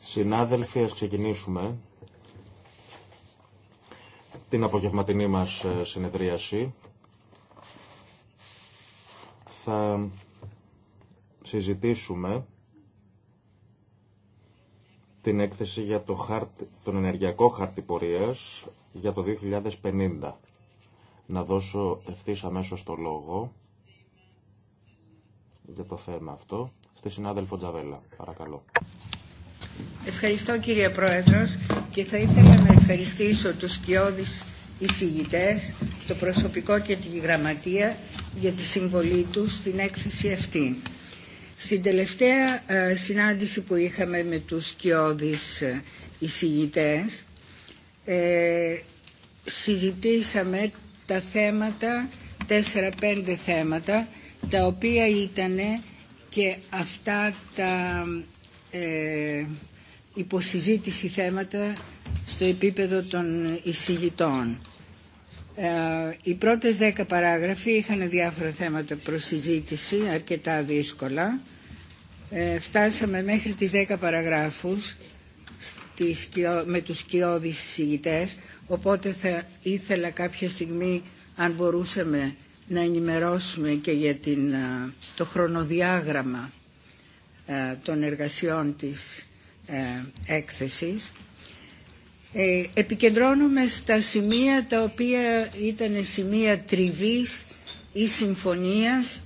Συνάδελφοι, ας ξεκινήσουμε την απογευματινή μας ε, συνεδρίαση. Θα συζητήσουμε την έκθεση για το τον ενεργειακό χάρτη πορείας για το 2050. Να δώσω ευθύς αμέσως το λόγο για το θέμα αυτό στη συνάδελφο Τζαβέλα. Παρακαλώ. Ευχαριστώ κύριε Πρόεδρος και θα ήθελα να ευχαριστήσω τους κοιόδης εισηγητές, το προσωπικό και τη γραμματεία για τη συμβολή τους στην έκθεση αυτή. Στην τελευταία ε, συνάντηση που είχαμε με τους κοιόδης ε, εισηγητές ε, συζητήσαμε τα θέματα, τέσσερα-πέντε θέματα τα οποία ήταν και αυτά τα ε, υποσυζήτηση θέματα στο επίπεδο των εισηγητών. Ε, οι πρώτες δέκα παράγραφοι είχαν διάφορα θέματα προς αρκετά δύσκολα. Ε, φτάσαμε μέχρι τις δέκα παραγράφους με τους κοιόδης εισηγητές, οπότε θα ήθελα κάποια στιγμή, αν μπορούσαμε να ενημερώσουμε και για την, το χρονοδιάγραμμα των εργασιών της έκθεσης. Ε, Επικεντρώνουμε στα σημεία τα οποία ήταν σημεία τριβής ή συμφωνίας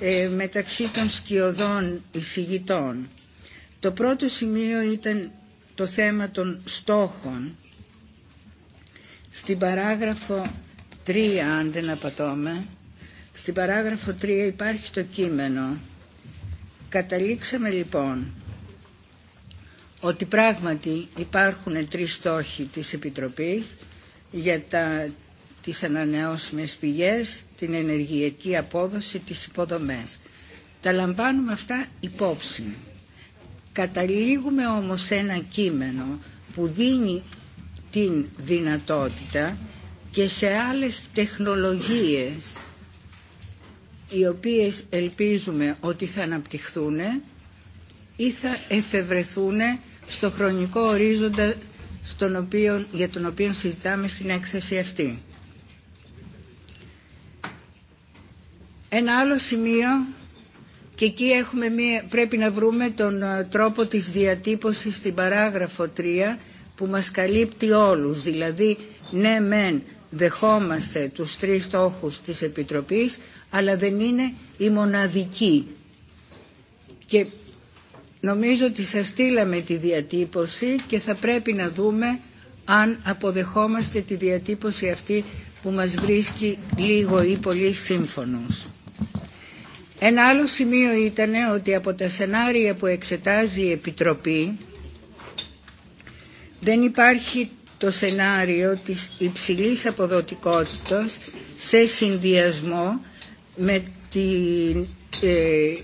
ε, μεταξύ των σκιωδών εισηγητών. Το πρώτο σημείο ήταν το θέμα των στόχων. Στην παράγραφο 3, αν δεν απατώμε, στην παράγραφο 3 υπάρχει το κείμενο. Καταλήξαμε λοιπόν ότι πράγματι υπάρχουν τρεις στόχοι της Επιτροπής για τα, τις ανανεώσιμες πηγές, την ενεργειακή απόδοση, τις υποδομές. Τα λαμβάνουμε αυτά υπόψη. Καταλήγουμε όμως ένα κείμενο που δίνει την δυνατότητα και σε άλλες τεχνολογίες οι οποίες ελπίζουμε ότι θα αναπτυχθούν ή θα εφευρεθούν στο χρονικό ορίζοντα στον οποίο, για τον οποίο συζητάμε στην έκθεση αυτή. Ένα άλλο σημείο και εκεί έχουμε μία, πρέπει να βρούμε τον ε, τρόπο της διατύπωσης στην παράγραφο 3 που μας καλύπτει όλους. Δηλαδή, ναι μεν δεχόμαστε τους τρεις στόχους της Επιτροπής, αλλά δεν είναι η μοναδική. Και νομίζω ότι σας στείλαμε τη διατύπωση και θα πρέπει να δούμε αν αποδεχόμαστε τη διατύπωση αυτή που μας βρίσκει λίγο ή πολύ σύμφωνος. Ένα άλλο σημείο ήταν ότι από τα σενάρια που εξετάζει η Επιτροπή δεν υπάρχει το σενάριο της υψηλής αποδοτικότητας σε συνδυασμό με την ε,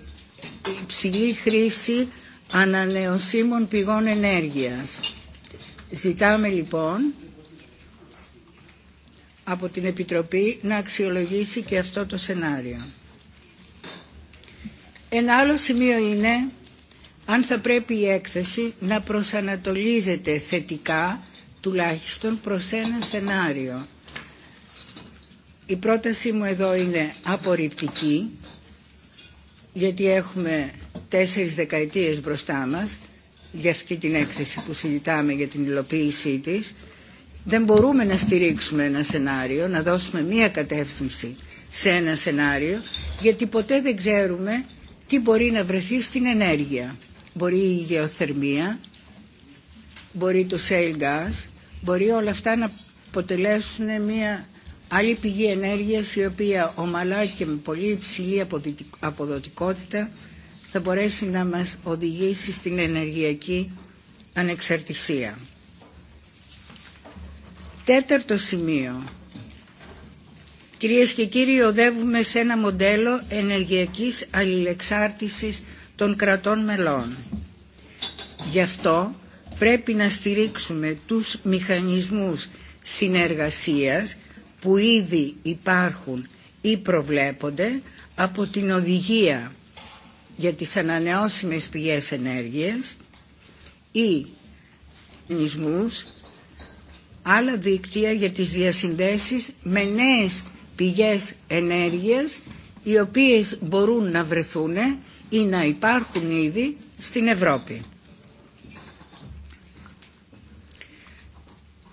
υψηλή χρήση ανανεωσίμων πηγών ενέργειας. Ζητάμε λοιπόν από την Επιτροπή να αξιολογήσει και αυτό το σενάριο. Ένα άλλο σημείο είναι αν θα πρέπει η έκθεση να προσανατολίζεται θετικά τουλάχιστον προς ένα σενάριο. Η πρότασή μου εδώ είναι απορριπτική γιατί έχουμε τέσσερις δεκαετίες μπροστά μας για αυτή την έκθεση που συζητάμε για την υλοποίησή της. Δεν μπορούμε να στηρίξουμε ένα σενάριο, να δώσουμε μία κατεύθυνση σε ένα σενάριο γιατί ποτέ δεν ξέρουμε τι μπορεί να βρεθεί στην ενέργεια. Μπορεί η γεωθερμία, μπορεί το shale gas, μπορεί όλα αυτά να αποτελέσουν μια άλλη πηγή ενέργειας η οποία ομαλά και με πολύ υψηλή αποδοτικότητα θα μπορέσει να μας οδηγήσει στην ενεργειακή ανεξαρτησία. Τέταρτο σημείο. Κυρίες και κύριοι, οδεύουμε σε ένα μοντέλο ενεργειακής αλληλεξάρτησης των κρατών μελών. Γι' αυτό πρέπει να στηρίξουμε τους μηχανισμούς συνεργασίας που ήδη υπάρχουν ή προβλέπονται από την οδηγία για τις ανανεώσιμες πηγές ενέργειας ή μηχανισμούς άλλα δίκτυα για τις διασυνδέσεις με νέες πηγές ενέργειας οι οποίες μπορούν να βρεθούν ή να υπάρχουν ήδη στην Ευρώπη.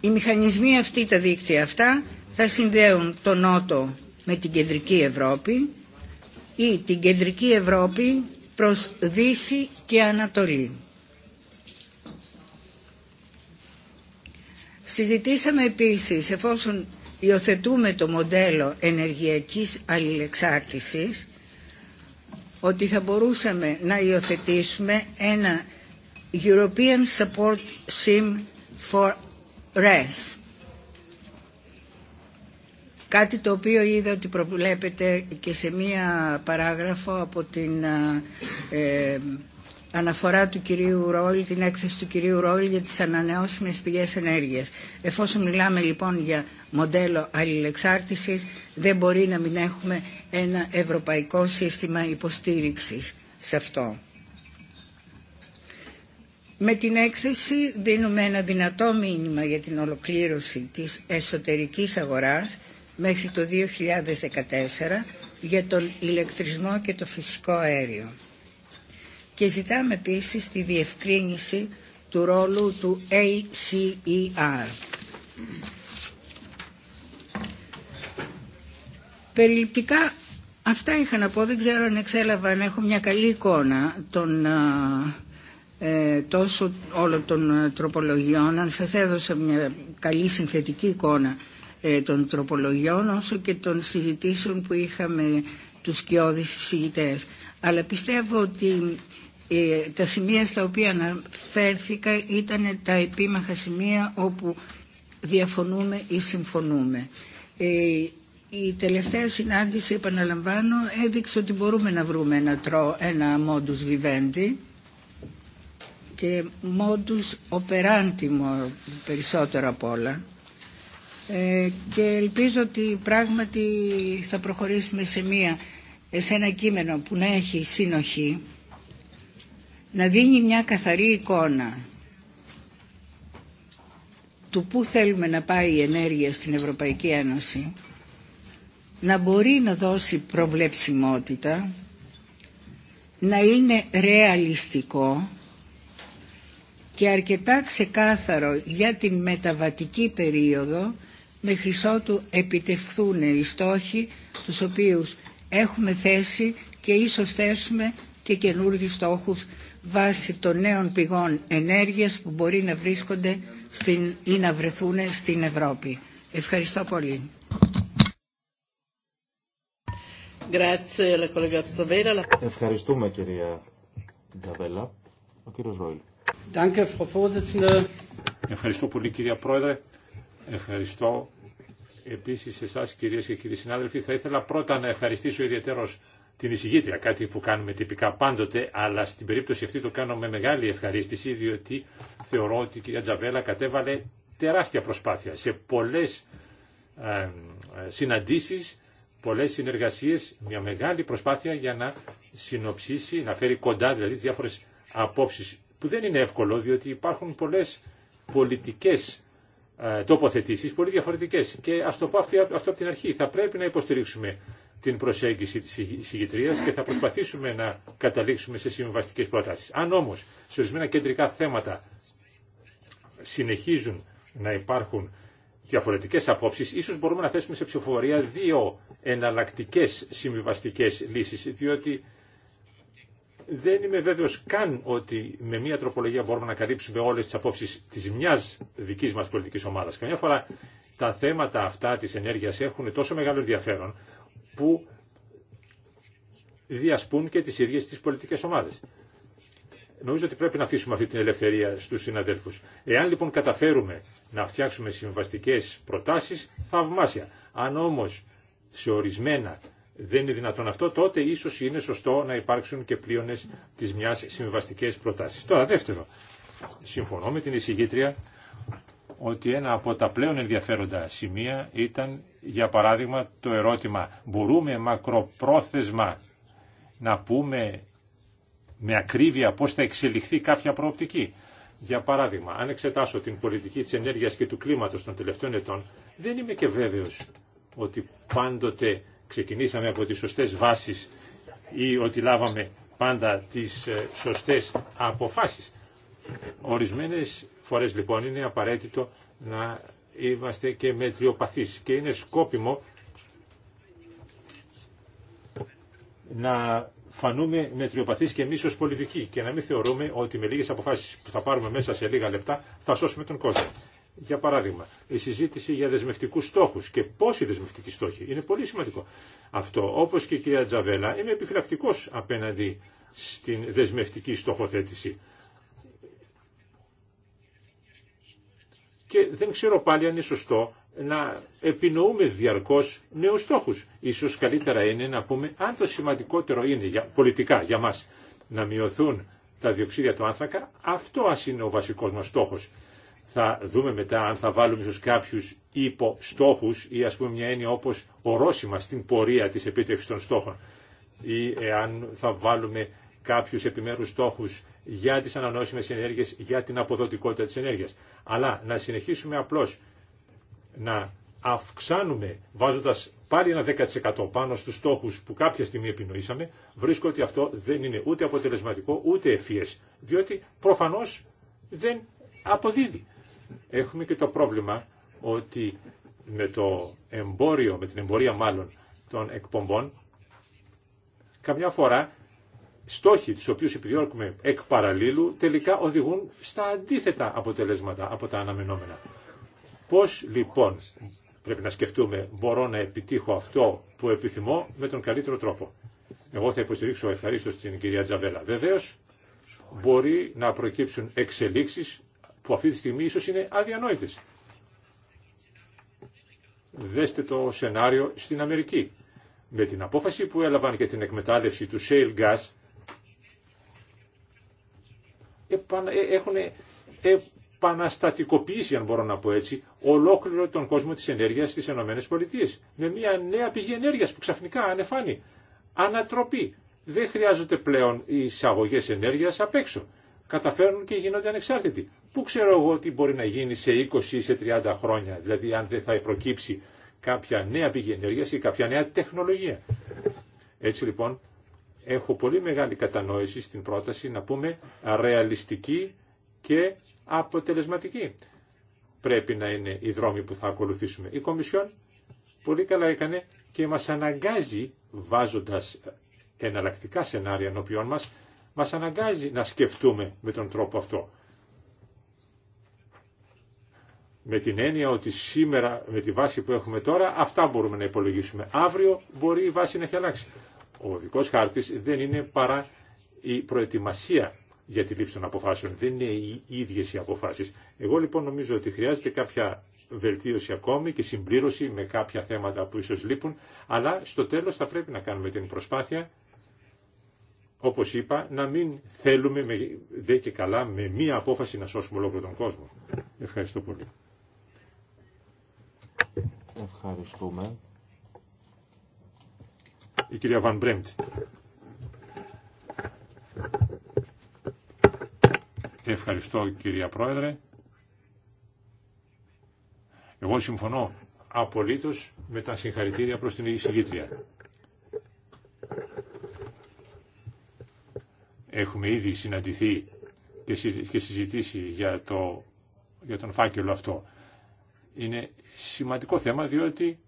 Οι μηχανισμοί αυτοί, τα δίκτυα αυτά, θα συνδέουν τον Νότο με την Κεντρική Ευρώπη ή την Κεντρική Ευρώπη προς Δύση και Ανατολή. Συζητήσαμε επίσης, εφόσον υιοθετούμε το μοντέλο ενεργειακής αλληλεξάρτησης, ότι θα μπορούσαμε να υιοθετήσουμε ένα European Support Sim for ΡΕΣ. Κάτι το οποίο είδα ότι προβλέπεται και σε μία παράγραφο από την ε, ε αναφορά του κυρίου Ρόλ, την έκθεση του κυρίου Ρόλ για τις ανανεώσιμες πηγές ενέργειας. Εφόσον μιλάμε λοιπόν για μοντέλο αλληλεξάρτησης, δεν μπορεί να μην έχουμε ένα ευρωπαϊκό σύστημα υποστήριξης σε αυτό. Με την έκθεση δίνουμε ένα δυνατό μήνυμα για την ολοκλήρωση της εσωτερικής αγοράς μέχρι το 2014 για τον ηλεκτρισμό και το φυσικό αέριο. Και ζητάμε επίσης τη διευκρίνηση του ρόλου του ACER. Περιληπτικά αυτά είχα να πω, δεν ξέρω αν εξέλαβα να έχω μια καλή εικόνα των ε, τόσο όλων των ε, τροπολογιών. Αν σας έδωσα μια καλή συνθετική εικόνα ε, των τροπολογιών όσο και των συζητήσεων που είχαμε τους σκιώδεις συζητητές. Αλλά πιστεύω ότι τα σημεία στα οποία αναφέρθηκα ήταν τα επίμαχα σημεία όπου διαφωνούμε ή συμφωνούμε. η τελευταία συνάντηση, επαναλαμβάνω, έδειξε ότι μπορούμε να βρούμε ένα, τρό, ένα modus vivendi και modus οπεράντιμο περισσότερο απ' όλα ε, και ελπίζω ότι πράγματι θα προχωρήσουμε σε, μία, σε ένα κείμενο που να έχει σύνοχη να δίνει μια καθαρή εικόνα του πού θέλουμε να πάει η ενέργεια στην Ευρωπαϊκή Ένωση να μπορεί να δώσει προβλεψιμότητα να είναι ρεαλιστικό και αρκετά ξεκάθαρο για την μεταβατική περίοδο μέχρι ότου επιτευχθούν οι στόχοι τους οποίους έχουμε θέσει και ίσως θέσουμε και καινούργιους στόχους βάσει των νέων πηγών ενέργειας που μπορεί να βρίσκονται στην, ή να βρεθούν στην Ευρώπη. Ευχαριστώ πολύ. Ευχαριστούμε κυρία Τζαβέλα. Ο κύριος Ρόιλ. Ευχαριστώ πολύ κυρία Πρόεδρε. Ευχαριστώ επίσης εσά, κυρίες και κύριοι συνάδελφοι. Θα ήθελα πρώτα να ευχαριστήσω ιδιαίτερω την εισηγήτρια, κάτι που κάνουμε τυπικά πάντοτε, αλλά στην περίπτωση αυτή το κάνω με μεγάλη ευχαρίστηση, διότι θεωρώ ότι η κυρία Τζαβέλα κατέβαλε τεράστια προσπάθεια σε πολλέ ε, πολλέ πολλές συνεργασίες, μια μεγάλη προσπάθεια για να συνοψίσει, να φέρει κοντά δηλαδή διάφορε απόψει που δεν είναι εύκολο διότι υπάρχουν πολλές πολιτικές ε, τοποθετήσεις πολύ διαφορετικές και ας το πω αυτό από την αρχή θα πρέπει να υποστηρίξουμε την προσέγγιση της συγκητρίας και θα προσπαθήσουμε να καταλήξουμε σε συμβαστικές προτάσεις. Αν όμως σε ορισμένα κεντρικά θέματα συνεχίζουν να υπάρχουν διαφορετικές απόψεις, ίσως μπορούμε να θέσουμε σε ψηφοφορία δύο εναλλακτικέ συμβιβαστικές λύσεις, διότι δεν είμαι βέβαιος καν ότι με μια τροπολογία μπορούμε να καλύψουμε όλες τις απόψει της μια δικής μας πολιτικής ομάδας. Καμιά φορά τα θέματα αυτά της ενέργειας έχουν τόσο μεγάλο ενδιαφέρον που διασπούν και τις ίδιε τι πολιτικές ομάδες. Νομίζω ότι πρέπει να αφήσουμε αυτή την ελευθερία στου συναδέλφους. Εάν λοιπόν καταφέρουμε να φτιάξουμε συμβαστικέ προτάσει, θαυμάσια. Αν όμω σε ορισμένα δεν είναι δυνατόν αυτό, τότε ίσως είναι σωστό να υπάρξουν και πλήρωνες τη μια συμβαστικές προτάσεις. Τώρα δεύτερο, συμφωνώ με την εισηγήτρια ότι ένα από τα πλέον ενδιαφέροντα σημεία ήταν, για παράδειγμα, το ερώτημα μπορούμε μακροπρόθεσμα να πούμε με ακρίβεια πώς θα εξελιχθεί κάποια προοπτική. Για παράδειγμα, αν εξετάσω την πολιτική της ενέργειας και του κλίματος των τελευταίων ετών, δεν είμαι και βέβαιος ότι πάντοτε ξεκινήσαμε από τις σωστές βάσεις ή ότι λάβαμε πάντα τις ε, σωστές αποφάσεις. Ορισμένες φορές λοιπόν είναι απαραίτητο να είμαστε και μετριοπαθείς και είναι σκόπιμο να φανούμε μετριοπαθείς και εμείς ως πολιτικοί και να μην θεωρούμε ότι με λίγες αποφάσεις που θα πάρουμε μέσα σε λίγα λεπτά θα σώσουμε τον κόσμο. Για παράδειγμα, η συζήτηση για δεσμευτικού στόχου και οι δεσμευτικοί στόχοι. Είναι πολύ σημαντικό αυτό. Όπω και η κυρία Τζαβέλα, είναι επιφυλακτικό απέναντι στην δεσμευτική στοχοθέτηση. Και δεν ξέρω πάλι αν είναι σωστό να επινοούμε διαρκώ νέου στόχου. Ίσως καλύτερα είναι να πούμε αν το σημαντικότερο είναι για, πολιτικά για μα να μειωθούν τα διοξίδια του άνθρακα, αυτό ας είναι ο βασικός μας στόχος θα δούμε μετά αν θα βάλουμε ίσως κάποιους υποστόχους ή ας πούμε μια έννοια όπως ορόσημα στην πορεία της επίτευξης των στόχων ή αν θα βάλουμε κάποιους επιμέρους στόχους για τις ανανεώσιμες ενέργειες, για την αποδοτικότητα της ενέργειας. Αλλά να συνεχίσουμε απλώς να αυξάνουμε βάζοντας πάλι ένα 10% πάνω στους στόχους που κάποια στιγμή επινοήσαμε, βρίσκω ότι αυτό δεν είναι ούτε αποτελεσματικό ούτε ευφύες, διότι προφανώς δεν αποδίδει έχουμε και το πρόβλημα ότι με το εμπόριο, με την εμπορία μάλλον των εκπομπών, καμιά φορά στόχοι τους οποίους επιδιώκουμε εκ παραλίλου τελικά οδηγούν στα αντίθετα αποτελέσματα από τα αναμενόμενα. Πώς λοιπόν πρέπει να σκεφτούμε μπορώ να επιτύχω αυτό που επιθυμώ με τον καλύτερο τρόπο. Εγώ θα υποστηρίξω ευχαρίστως την κυρία Τζαβέλα. Βεβαίως μπορεί να προκύψουν εξελίξεις που αυτή τη στιγμή ίσως είναι αδιανόητες. Δέστε το σενάριο στην Αμερική. Με την απόφαση που έλαβαν για την εκμετάλλευση του shale gas ε, έχουν επαναστατικοποιήσει, αν μπορώ να πω έτσι, ολόκληρο τον κόσμο της ενέργειας στις ΗΠΑ. Με μια νέα πηγή ενέργειας που ξαφνικά ανεφάνει. Ανατροπή. Δεν χρειάζονται πλέον οι εισαγωγές ενέργειας απ' έξω. Καταφέρνουν και γίνονται ανεξάρτητοι. Πού ξέρω εγώ τι μπορεί να γίνει σε 20 ή σε 30 χρόνια, δηλαδή αν δεν θα προκύψει κάποια νέα πηγή ενέργεια ή κάποια νέα τεχνολογία. Έτσι λοιπόν έχω πολύ μεγάλη κατανόηση στην πρόταση να πούμε ρεαλιστική και αποτελεσματική. Πρέπει να είναι οι δρόμοι που θα ακολουθήσουμε. Η Κομισιόν πολύ καλά έκανε και μας αναγκάζει βάζοντας εναλλακτικά σενάρια ενώπιόν μας, μας αναγκάζει να σκεφτούμε με τον τρόπο αυτό με την έννοια ότι σήμερα με τη βάση που έχουμε τώρα αυτά μπορούμε να υπολογίσουμε. Αύριο μπορεί η βάση να έχει αλλάξει. Ο δικός χάρτης δεν είναι παρά η προετοιμασία για τη λήψη των αποφάσεων. Δεν είναι οι ίδιες οι αποφάσεις. Εγώ λοιπόν νομίζω ότι χρειάζεται κάποια βελτίωση ακόμη και συμπλήρωση με κάποια θέματα που ίσως λείπουν, αλλά στο τέλος θα πρέπει να κάνουμε την προσπάθεια, όπως είπα, να μην θέλουμε, δε και καλά, με μία απόφαση να σώσουμε ολόκληρο τον κόσμο. Ευχαριστώ πολύ. Ευχαριστούμε. Η κυρία Βαν Μπρέμπτ. Ευχαριστώ κυρία Πρόεδρε. Εγώ συμφωνώ απολύτως με τα συγχαρητήρια προς την εισηγήτρια. Έχουμε ήδη συναντηθεί και συζητήσει για, το, για τον φάκελο αυτό είναι σημαντικό θέμα διότι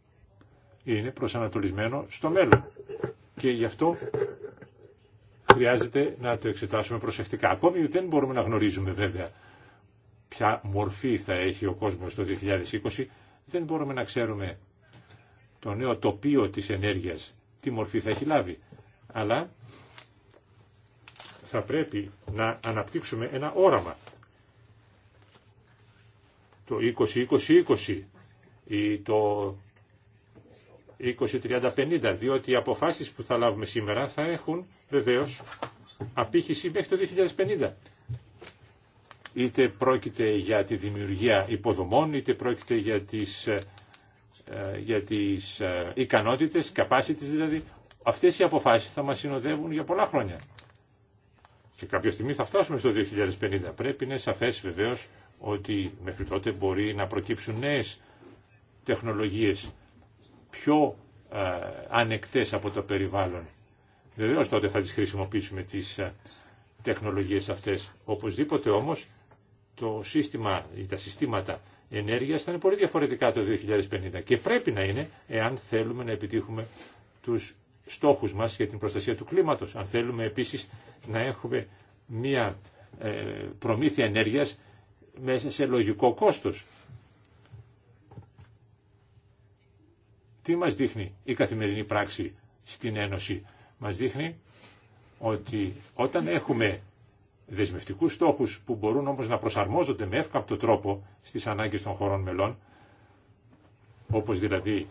είναι προσανατολισμένο στο μέλλον. Και γι' αυτό χρειάζεται να το εξετάσουμε προσεκτικά. Ακόμη δεν μπορούμε να γνωρίζουμε βέβαια ποια μορφή θα έχει ο κόσμος το 2020. Δεν μπορούμε να ξέρουμε το νέο τοπίο της ενέργειας, τι μορφή θα έχει λάβει. Αλλά θα πρέπει να αναπτύξουμε ένα όραμα το 20-20-20 ή το 2030 διότι οι αποφάσεις που θα λάβουμε σήμερα θα έχουν βεβαίως απήχηση μέχρι το 2050. Είτε πρόκειται για τη δημιουργία υποδομών, είτε πρόκειται για τις, ε, για τις ε, ικανότητες, capacities δηλαδή. Αυτές οι αποφάσεις θα μας συνοδεύουν για πολλά χρόνια. Και κάποια στιγμή θα φτάσουμε στο 2050. Πρέπει να είναι σαφές βεβαίως ότι μέχρι τότε μπορεί να προκύψουν νέες τεχνολογίες πιο ε, ανεκτές από το περιβάλλον. Βεβαίως τότε θα τις χρησιμοποιήσουμε τις ε, τεχνολογίες αυτές. Οπωσδήποτε όμως το σύστημα ή τα συστήματα ενέργειας θα είναι πολύ διαφορετικά το 2050 και πρέπει να είναι εάν θέλουμε να επιτύχουμε τους στόχους μας για την προστασία του κλίματος. Αν θέλουμε επίσης να έχουμε μια ε, προμήθεια ενέργειας μέσα σε λογικό κόστος. Τι μας δείχνει η καθημερινή πράξη στην Ένωση. Μας δείχνει ότι όταν έχουμε δεσμευτικούς στόχους που μπορούν όμως να προσαρμόζονται με εύκαπτο τρόπο στις ανάγκες των χωρών μελών, όπως δηλαδή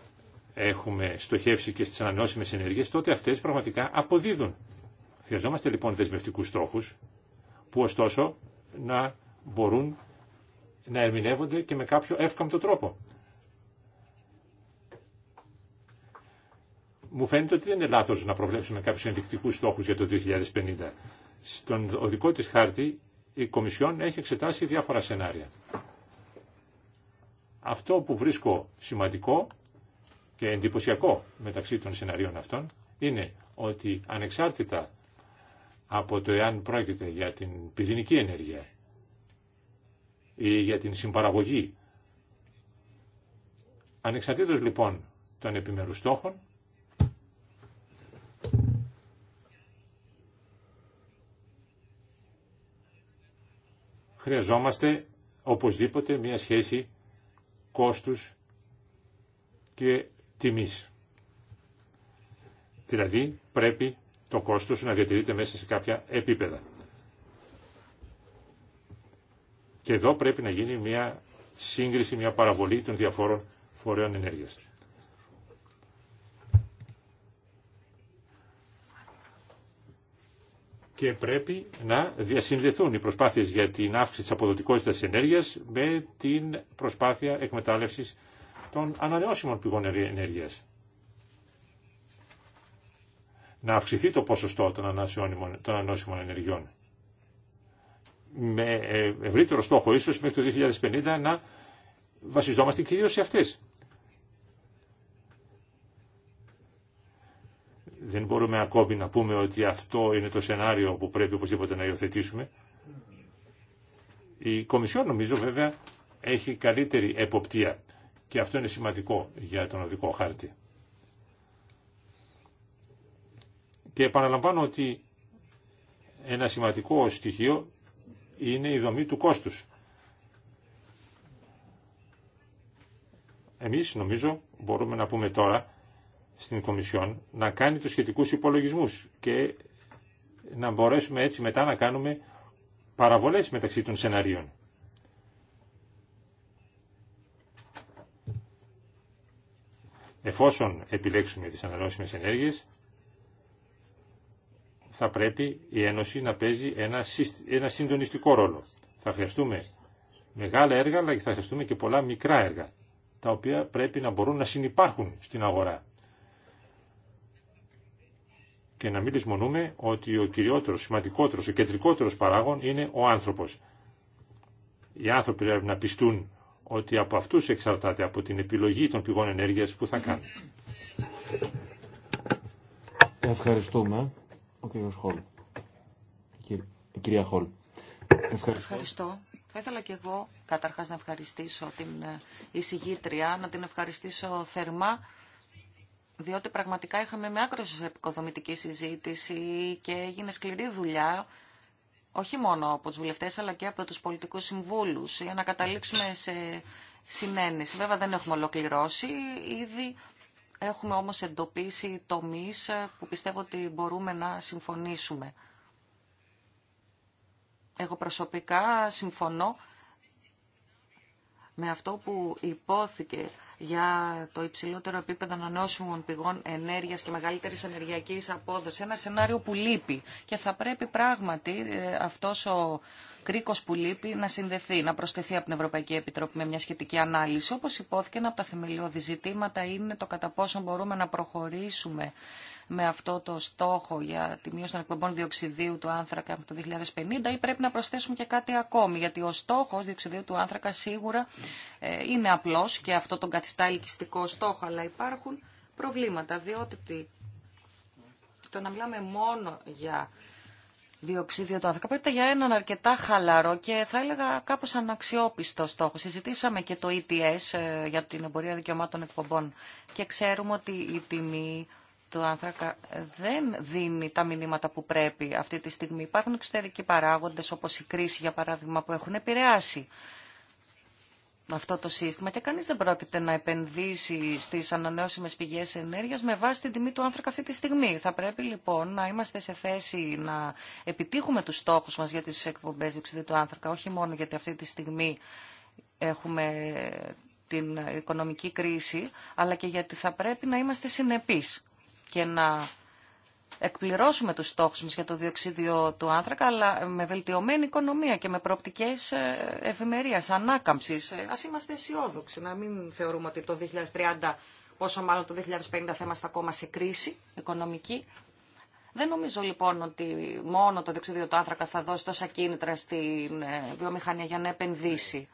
έχουμε στοχεύσει και στις ανανεώσιμες ενέργειες, τότε αυτές πραγματικά αποδίδουν. Χρειαζόμαστε λοιπόν δεσμευτικούς στόχους που ωστόσο να μπορούν να ερμηνεύονται και με κάποιο εύκαμπτο τρόπο. Μου φαίνεται ότι δεν είναι λάθος να προβλέψουμε κάποιους ενδεικτικούς στόχους για το 2050. Στον οδικό της χάρτη η Κομισιόν έχει εξετάσει διάφορα σενάρια. Αυτό που βρίσκω σημαντικό και εντυπωσιακό μεταξύ των σενάριων αυτών είναι ότι ανεξάρτητα από το εάν πρόκειται για την πυρηνική ενέργεια ή ε, για την συμπαραγωγή. Ανεξαρτήτως λοιπόν των επιμερουστόχων στόχων, χρειαζόμαστε οπωσδήποτε μια σχέση κόστους και τιμής. Δηλαδή πρέπει το κόστος να διατηρείται μέσα σε κάποια επίπεδα. Και εδώ πρέπει να γίνει μια σύγκριση, μια παραβολή των διαφόρων φορέων ενέργειας. και πρέπει να διασυνδεθούν οι προσπάθειες για την αύξηση της αποδοτικότητας της ενέργειας με την προσπάθεια εκμετάλλευσης των ανανεώσιμων πηγών ενέργειας. Να αυξηθεί το ποσοστό των ανανεώσιμων ενεργειών με ε, ευρύτερο στόχο ίσως μέχρι το 2050 να βασιζόμαστε κυρίως σε αυτές. Δεν μπορούμε ακόμη να πούμε ότι αυτό είναι το σενάριο που πρέπει οπωσδήποτε να υιοθετήσουμε. Η Κομισιόν νομίζω βέβαια έχει καλύτερη εποπτεία και αυτό είναι σημαντικό για τον οδικό χάρτη. Και επαναλαμβάνω ότι ένα σημαντικό στοιχείο είναι η δομή του κόστους. Εμείς νομίζω μπορούμε να πούμε τώρα στην Κομισιόν να κάνει τους σχετικούς υπολογισμούς και να μπορέσουμε έτσι μετά να κάνουμε παραβολές μεταξύ των σενάριων. Εφόσον επιλέξουμε τις αναλώσιμες ενέργειες, θα πρέπει η Ένωση να παίζει ένα, ένα συντονιστικό ρόλο. Θα χρειαστούμε μεγάλα έργα, αλλά θα χρειαστούμε και πολλά μικρά έργα, τα οποία πρέπει να μπορούν να συνεπάρχουν στην αγορά. Και να μην λησμονούμε ότι ο κυριότερος, σημαντικότερος, ο κεντρικότερος παράγων είναι ο άνθρωπος. Οι άνθρωποι πρέπει να πιστούν ότι από αυτούς εξαρτάται από την επιλογή των πηγών ενέργειας που θα κάνουν. Ευχαριστούμε. Ο κύριος Χόλ. Η κυρία Χόλ. Ευχαριστώ. Ευχαριστώ. Θα ήθελα και εγώ καταρχάς να ευχαριστήσω την ε, εισηγήτρια, να την ευχαριστήσω θερμά διότι πραγματικά είχαμε με άκρο επικοδομητική συζήτηση και έγινε σκληρή δουλειά όχι μόνο από τους βουλευτές αλλά και από τους πολιτικούς συμβούλους για να καταλήξουμε σε συνένεση. Βέβαια δεν έχουμε ολοκληρώσει, ήδη Έχουμε όμως εντοπίσει τομείς ε, που πιστεύω ότι μπορούμε να συμφωνήσουμε. Εγώ προσωπικά συμφωνώ με αυτό που υπόθηκε για το υψηλότερο επίπεδο ανανεώσιμων πηγών ενέργειας και μεγαλύτερης ενεργειακής απόδοσης. Ένα σενάριο που λείπει και θα πρέπει πράγματι ε, αυτός ο κρίκος που λείπει να συνδεθεί, να προσθεθεί από την Ευρωπαϊκή Επιτροπή με μια σχετική ανάλυση. Όπως υπόθηκε, ένα από τα θεμελιώδη ζητήματα είναι το κατά πόσο μπορούμε να προχωρήσουμε με αυτό το στόχο για τη μείωση των εκπομπών διοξιδίου του άνθρακα από το 2050 ή πρέπει να προσθέσουμε και κάτι ακόμη, γιατί ο στόχος διοξιδίου του άνθρακα σίγουρα ε, είναι απλός και αυτό τον καθιστά ελκυστικό στόχο, αλλά υπάρχουν προβλήματα, διότι το να μιλάμε μόνο για διοξίδιο του άνθρακα. Πρόκειται για έναν αρκετά χαλαρό και θα έλεγα κάπως αναξιόπιστο στόχο. Συζητήσαμε και το ETS ε, για την εμπορία δικαιωμάτων εκπομπών και ξέρουμε ότι η τιμή του άνθρακα δεν δίνει τα μηνύματα που πρέπει αυτή τη στιγμή. Υπάρχουν εξωτερικοί παράγοντες όπως η κρίση για παράδειγμα που έχουν επηρεάσει αυτό το σύστημα και κανείς δεν πρόκειται να επενδύσει στις ανανεώσιμες πηγές ενέργειας με βάση την τιμή του άνθρακα αυτή τη στιγμή. Θα πρέπει λοιπόν να είμαστε σε θέση να επιτύχουμε τους στόχους μας για τις εκπομπές διοξιδίου του άνθρακα, όχι μόνο γιατί αυτή τη στιγμή έχουμε την οικονομική κρίση, αλλά και γιατί θα πρέπει να είμαστε συνεπείς και να εκπληρώσουμε τους στόχους μας για το διοξίδιο του άνθρακα, αλλά με βελτιωμένη οικονομία και με προοπτικές ε, ευημερίας, ανάκαμψης. Ε, ας είμαστε αισιόδοξοι, να μην θεωρούμε ότι το 2030, πόσο μάλλον το 2050 θα είμαστε ακόμα σε κρίση οικονομική. Δεν νομίζω λοιπόν ότι μόνο το διοξίδιο του άνθρακα θα δώσει τόσα κίνητρα στην ε, βιομηχανία για να επενδύσει.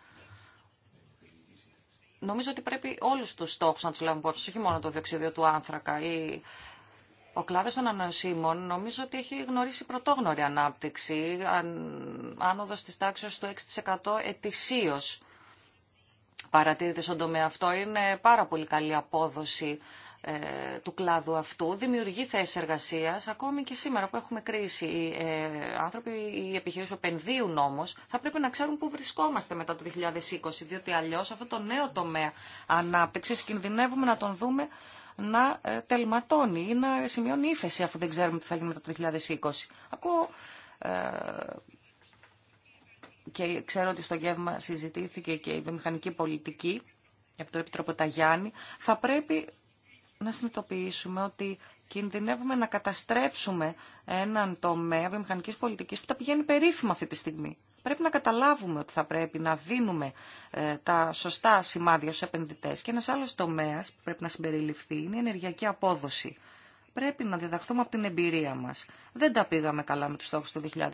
Νομίζω ότι πρέπει όλους τους στόχους να τους λάβουμε υπόψη, όχι μόνο το διοξίδιο του άνθρακα. Η ο κλάδος των ανανοσίμων νομίζω ότι έχει γνωρίσει πρωτόγνωρη ανάπτυξη, άνοδος της τάξης του 6% ετησίως παρατηρείται στον τομέα αυτό. Είναι πάρα πολύ καλή απόδοση ε, του κλάδου αυτού. Δημιουργεί θέσει εργασία. Ακόμη και σήμερα που έχουμε κρίση, οι ε, άνθρωποι, οι επιχειρήσει που επενδύουν όμω, θα πρέπει να ξέρουν πού βρισκόμαστε μετά το 2020. Διότι αλλιώ αυτό το νέο τομέα ανάπτυξη κινδυνεύουμε να τον δούμε να ε, τελματώνει ή να σημειώνει ύφεση αφού δεν ξέρουμε τι θα γίνει μετά το 2020. Ακούω ε, και ξέρω ότι στο γεύμα συζητήθηκε και η βιομηχανική πολιτική από το Επιτρόπο Ταγιάννη, θα πρέπει να συνειδητοποιήσουμε ότι κινδυνεύουμε να καταστρέψουμε έναν τομέα βιομηχανικής πολιτικής που τα πηγαίνει περίφημα αυτή τη στιγμή πρέπει να καταλάβουμε ότι θα πρέπει να δίνουμε ε, τα σωστά σημάδια στους επενδυτές. Και ένας άλλος τομέας που πρέπει να συμπεριληφθεί είναι η ενεργειακή απόδοση. Πρέπει να διδαχθούμε από την εμπειρία μας. Δεν τα πήγαμε καλά με τους στόχους του 2020.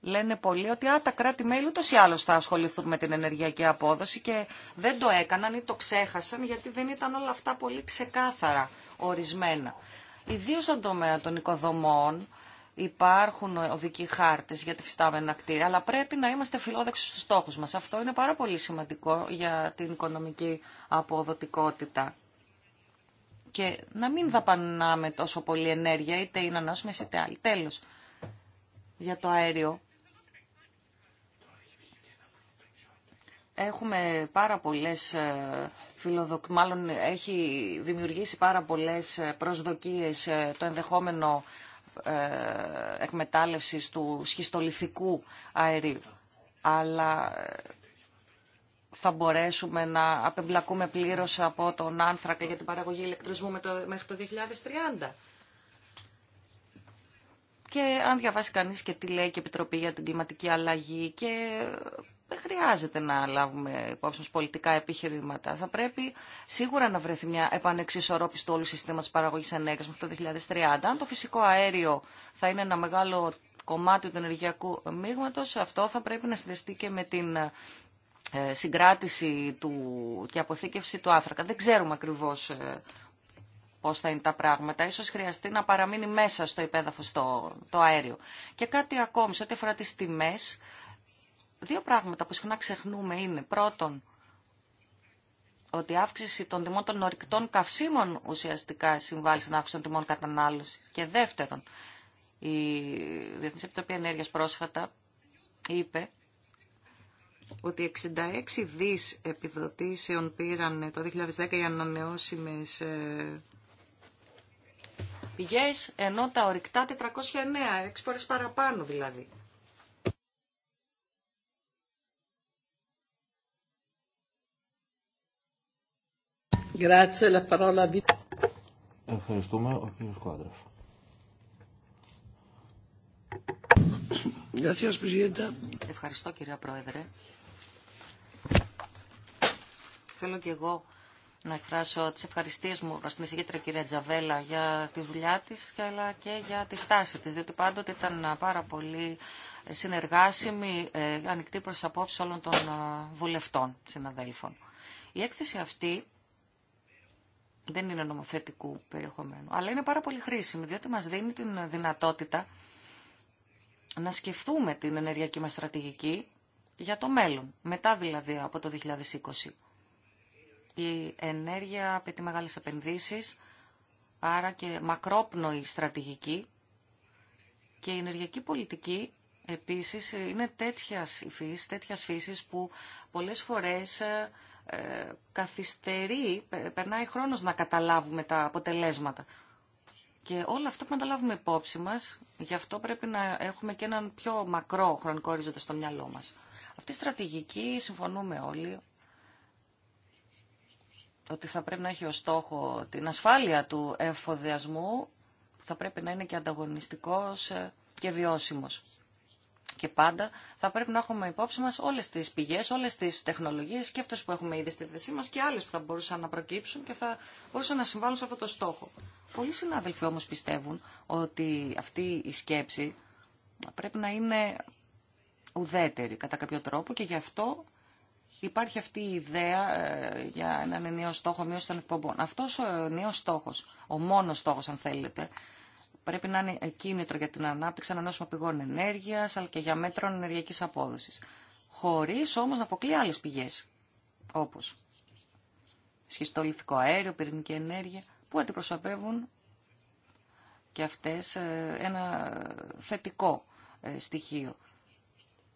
Λένε πολλοί ότι α, τα κράτη-μέλη ούτω ή άλλω θα ασχοληθούν με την ενεργειακή απόδοση και δεν το έκαναν ή το ξέχασαν γιατί δεν ήταν όλα αυτά πολύ ξεκάθαρα ορισμένα. Ιδίω στον τομέα των οικοδομών υπάρχουν οδικοί χάρτε για τη φυστάμενα κτίρια, αλλά πρέπει να είμαστε φιλόδοξοι στους στόχους μας. Αυτό είναι πάρα πολύ σημαντικό για την οικονομική αποδοτικότητα. Και να μην δαπανάμε τόσο πολύ ενέργεια, είτε είναι ανάσχημες είτε άλλη. Τέλος, για το αέριο. Έχουμε πάρα πολλές ε, φιλοδοκ... μάλλον έχει δημιουργήσει πάρα πολλές ε, προσδοκίες ε, το ενδεχόμενο ε, εκμετάλλευσης του σχιστολιθικού αερίου. Αλλά ε, θα μπορέσουμε να απεμπλακούμε πλήρως από τον άνθρακα για την παραγωγή ηλεκτρισμού μέχρι το 2030. Και αν διαβάσει κανείς και τι λέει και η Επιτροπή για την κλιματική αλλαγή και δεν χρειάζεται να λάβουμε υπόψη μας πολιτικά επιχειρήματα. Θα πρέπει σίγουρα να βρεθεί μια επανεξισορρόπηση του όλου συστήματος παραγωγής ενέργειας μέχρι το 2030. Αν το φυσικό αέριο θα είναι ένα μεγάλο κομμάτι του ενεργειακού μείγματος, αυτό θα πρέπει να συνδεστεί και με την ε, συγκράτηση του, και αποθήκευση του άθρακα. Δεν ξέρουμε ακριβώς ε, πώς θα είναι τα πράγματα. Ίσως χρειαστεί να παραμείνει μέσα στο υπέδαφος το, το αέριο. Και κάτι ακόμη, σε ό,τι αφορά τις τιμές, Δύο πράγματα που συχνά ξεχνούμε είναι πρώτον ότι η αύξηση των τιμών των ορυκτών καυσίμων ουσιαστικά συμβάλλει στην αύξηση των τιμών κατανάλωσης. Και δεύτερον, η Διεθνής Επιτροπή Ενέργειας πρόσφατα είπε ότι 66 δις επιδοτήσεων πήραν το 2010 οι ανανεώσιμες ε, πηγές, ενώ τα ορυκτά 409, έξι φορές παραπάνω δηλαδή. Ευχαριστούμε. Ο κύριος Presidenta. Ευχαριστώ κυρία Πρόεδρε. Θέλω και εγώ να εκφράσω τις ευχαριστίες μου προς την εισηγήτρια κυρία Τζαβέλα για τη δουλειά της αλλά και για τη στάση της, διότι πάντοτε ήταν πάρα πολύ συνεργάσιμη, ε, ανοιχτή προς απόψη όλων των ε, βουλευτών, συναδέλφων. Η έκθεση αυτή δεν είναι νομοθετικού περιεχομένου, αλλά είναι πάρα πολύ χρήσιμη, διότι μας δίνει την δυνατότητα να σκεφτούμε την ενεργειακή μας στρατηγική για το μέλλον, μετά δηλαδή από το 2020. Η ενέργεια απαιτεί μεγάλες επενδύσεις, άρα και μακρόπνοη στρατηγική και η ενεργειακή πολιτική επίσης είναι τέτοιας φύσης, τέτοιας φύσης που πολλές φορές ε, καθυστερεί, περνάει χρόνος να καταλάβουμε τα αποτελέσματα. Και όλα αυτά που να τα υπόψη μας, γι' αυτό πρέπει να έχουμε και έναν πιο μακρό χρονικό ορίζοντα στο μυαλό μας. Αυτή η στρατηγική, συμφωνούμε όλοι, ότι θα πρέπει να έχει ως στόχο την ασφάλεια του εφοδιασμού, που θα πρέπει να είναι και ανταγωνιστικός ε, και βιώσιμος και πάντα θα πρέπει να έχουμε υπόψη μας όλες τις πηγές, όλες τις τεχνολογίες και αυτέ που έχουμε ήδη στη θέση μας και άλλε που θα μπορούσαν να προκύψουν και θα μπορούσαν να συμβάλλουν σε αυτό το στόχο. Πολλοί συνάδελφοι όμως πιστεύουν ότι αυτή η σκέψη πρέπει να είναι ουδέτερη κατά κάποιο τρόπο και γι' αυτό υπάρχει αυτή η ιδέα ε, για έναν νέο στόχο μείωση των εκπομπών. Αυτός ο ε, νέος στόχος, ο μόνος στόχος αν θέλετε, πρέπει να είναι κίνητρο για την ανάπτυξη ανανεώσιμων πηγών ενέργεια αλλά και για μέτρων ενεργειακή απόδοση. Χωρί όμω να αποκλεί άλλε πηγέ, όπω σχιστολιθικό αέριο, πυρηνική ενέργεια, που αντιπροσωπεύουν και αυτές ε, ένα θετικό ε, στοιχείο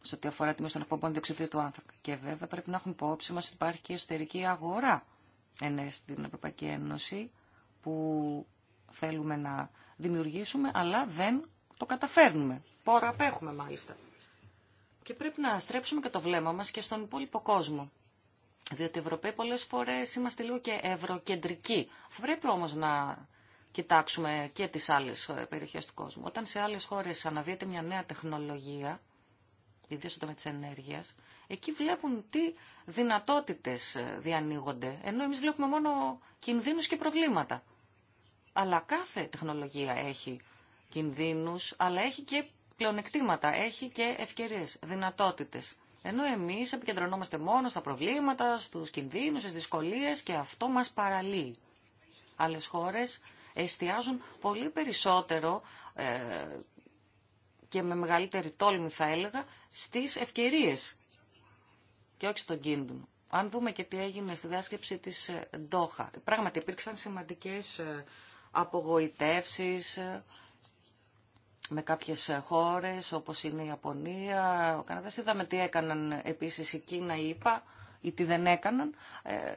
σε ό,τι αφορά τη μείωση των εκπομπών διοξιδίου του άνθρακα. Και βέβαια πρέπει να έχουμε υπόψη μα ότι υπάρχει και εσωτερική αγορά στην Ευρωπαϊκή Ένωση που θέλουμε να δημιουργήσουμε, αλλά δεν το καταφέρνουμε. Πόρα απέχουμε μάλιστα. Και πρέπει να στρέψουμε και το βλέμμα μας και στον υπόλοιπο κόσμο. Διότι οι Ευρωπαίοι πολλές φορές είμαστε λίγο και ευρωκεντρικοί. Πρέπει όμως να κοιτάξουμε και τις άλλες ε, περιοχές του κόσμου. Όταν σε άλλες χώρες αναδύεται μια νέα τεχνολογία, ιδίως όταν με τις ενέργειες, εκεί βλέπουν τι δυνατότητες ε, διανοίγονται, ενώ εμείς βλέπουμε μόνο κινδύνους και προβλήματα. Αλλά κάθε τεχνολογία έχει κινδύνους, αλλά έχει και πλεονεκτήματα, έχει και ευκαιρίες, δυνατότητες. Ενώ εμείς επικεντρωνόμαστε μόνο στα προβλήματα, στους κινδύνους, στις δυσκολίες και αυτό μας παραλύει. Άλλες χώρες εστιάζουν πολύ περισσότερο ε, και με μεγαλύτερη τόλμη θα έλεγα στις ευκαιρίες και όχι στον κίνδυνο. Αν δούμε και τι έγινε στη διάσκεψη της ε, Ντόχα, πράγματι υπήρξαν σημαντικές ε, απογοητεύσεις ε, με κάποιες χώρες όπως είναι η Ιαπωνία, ο Καναδάς. Είδαμε τι έκαναν επίσης η Κίνα, η ΙΠΑ ή τι δεν έκαναν. Ε,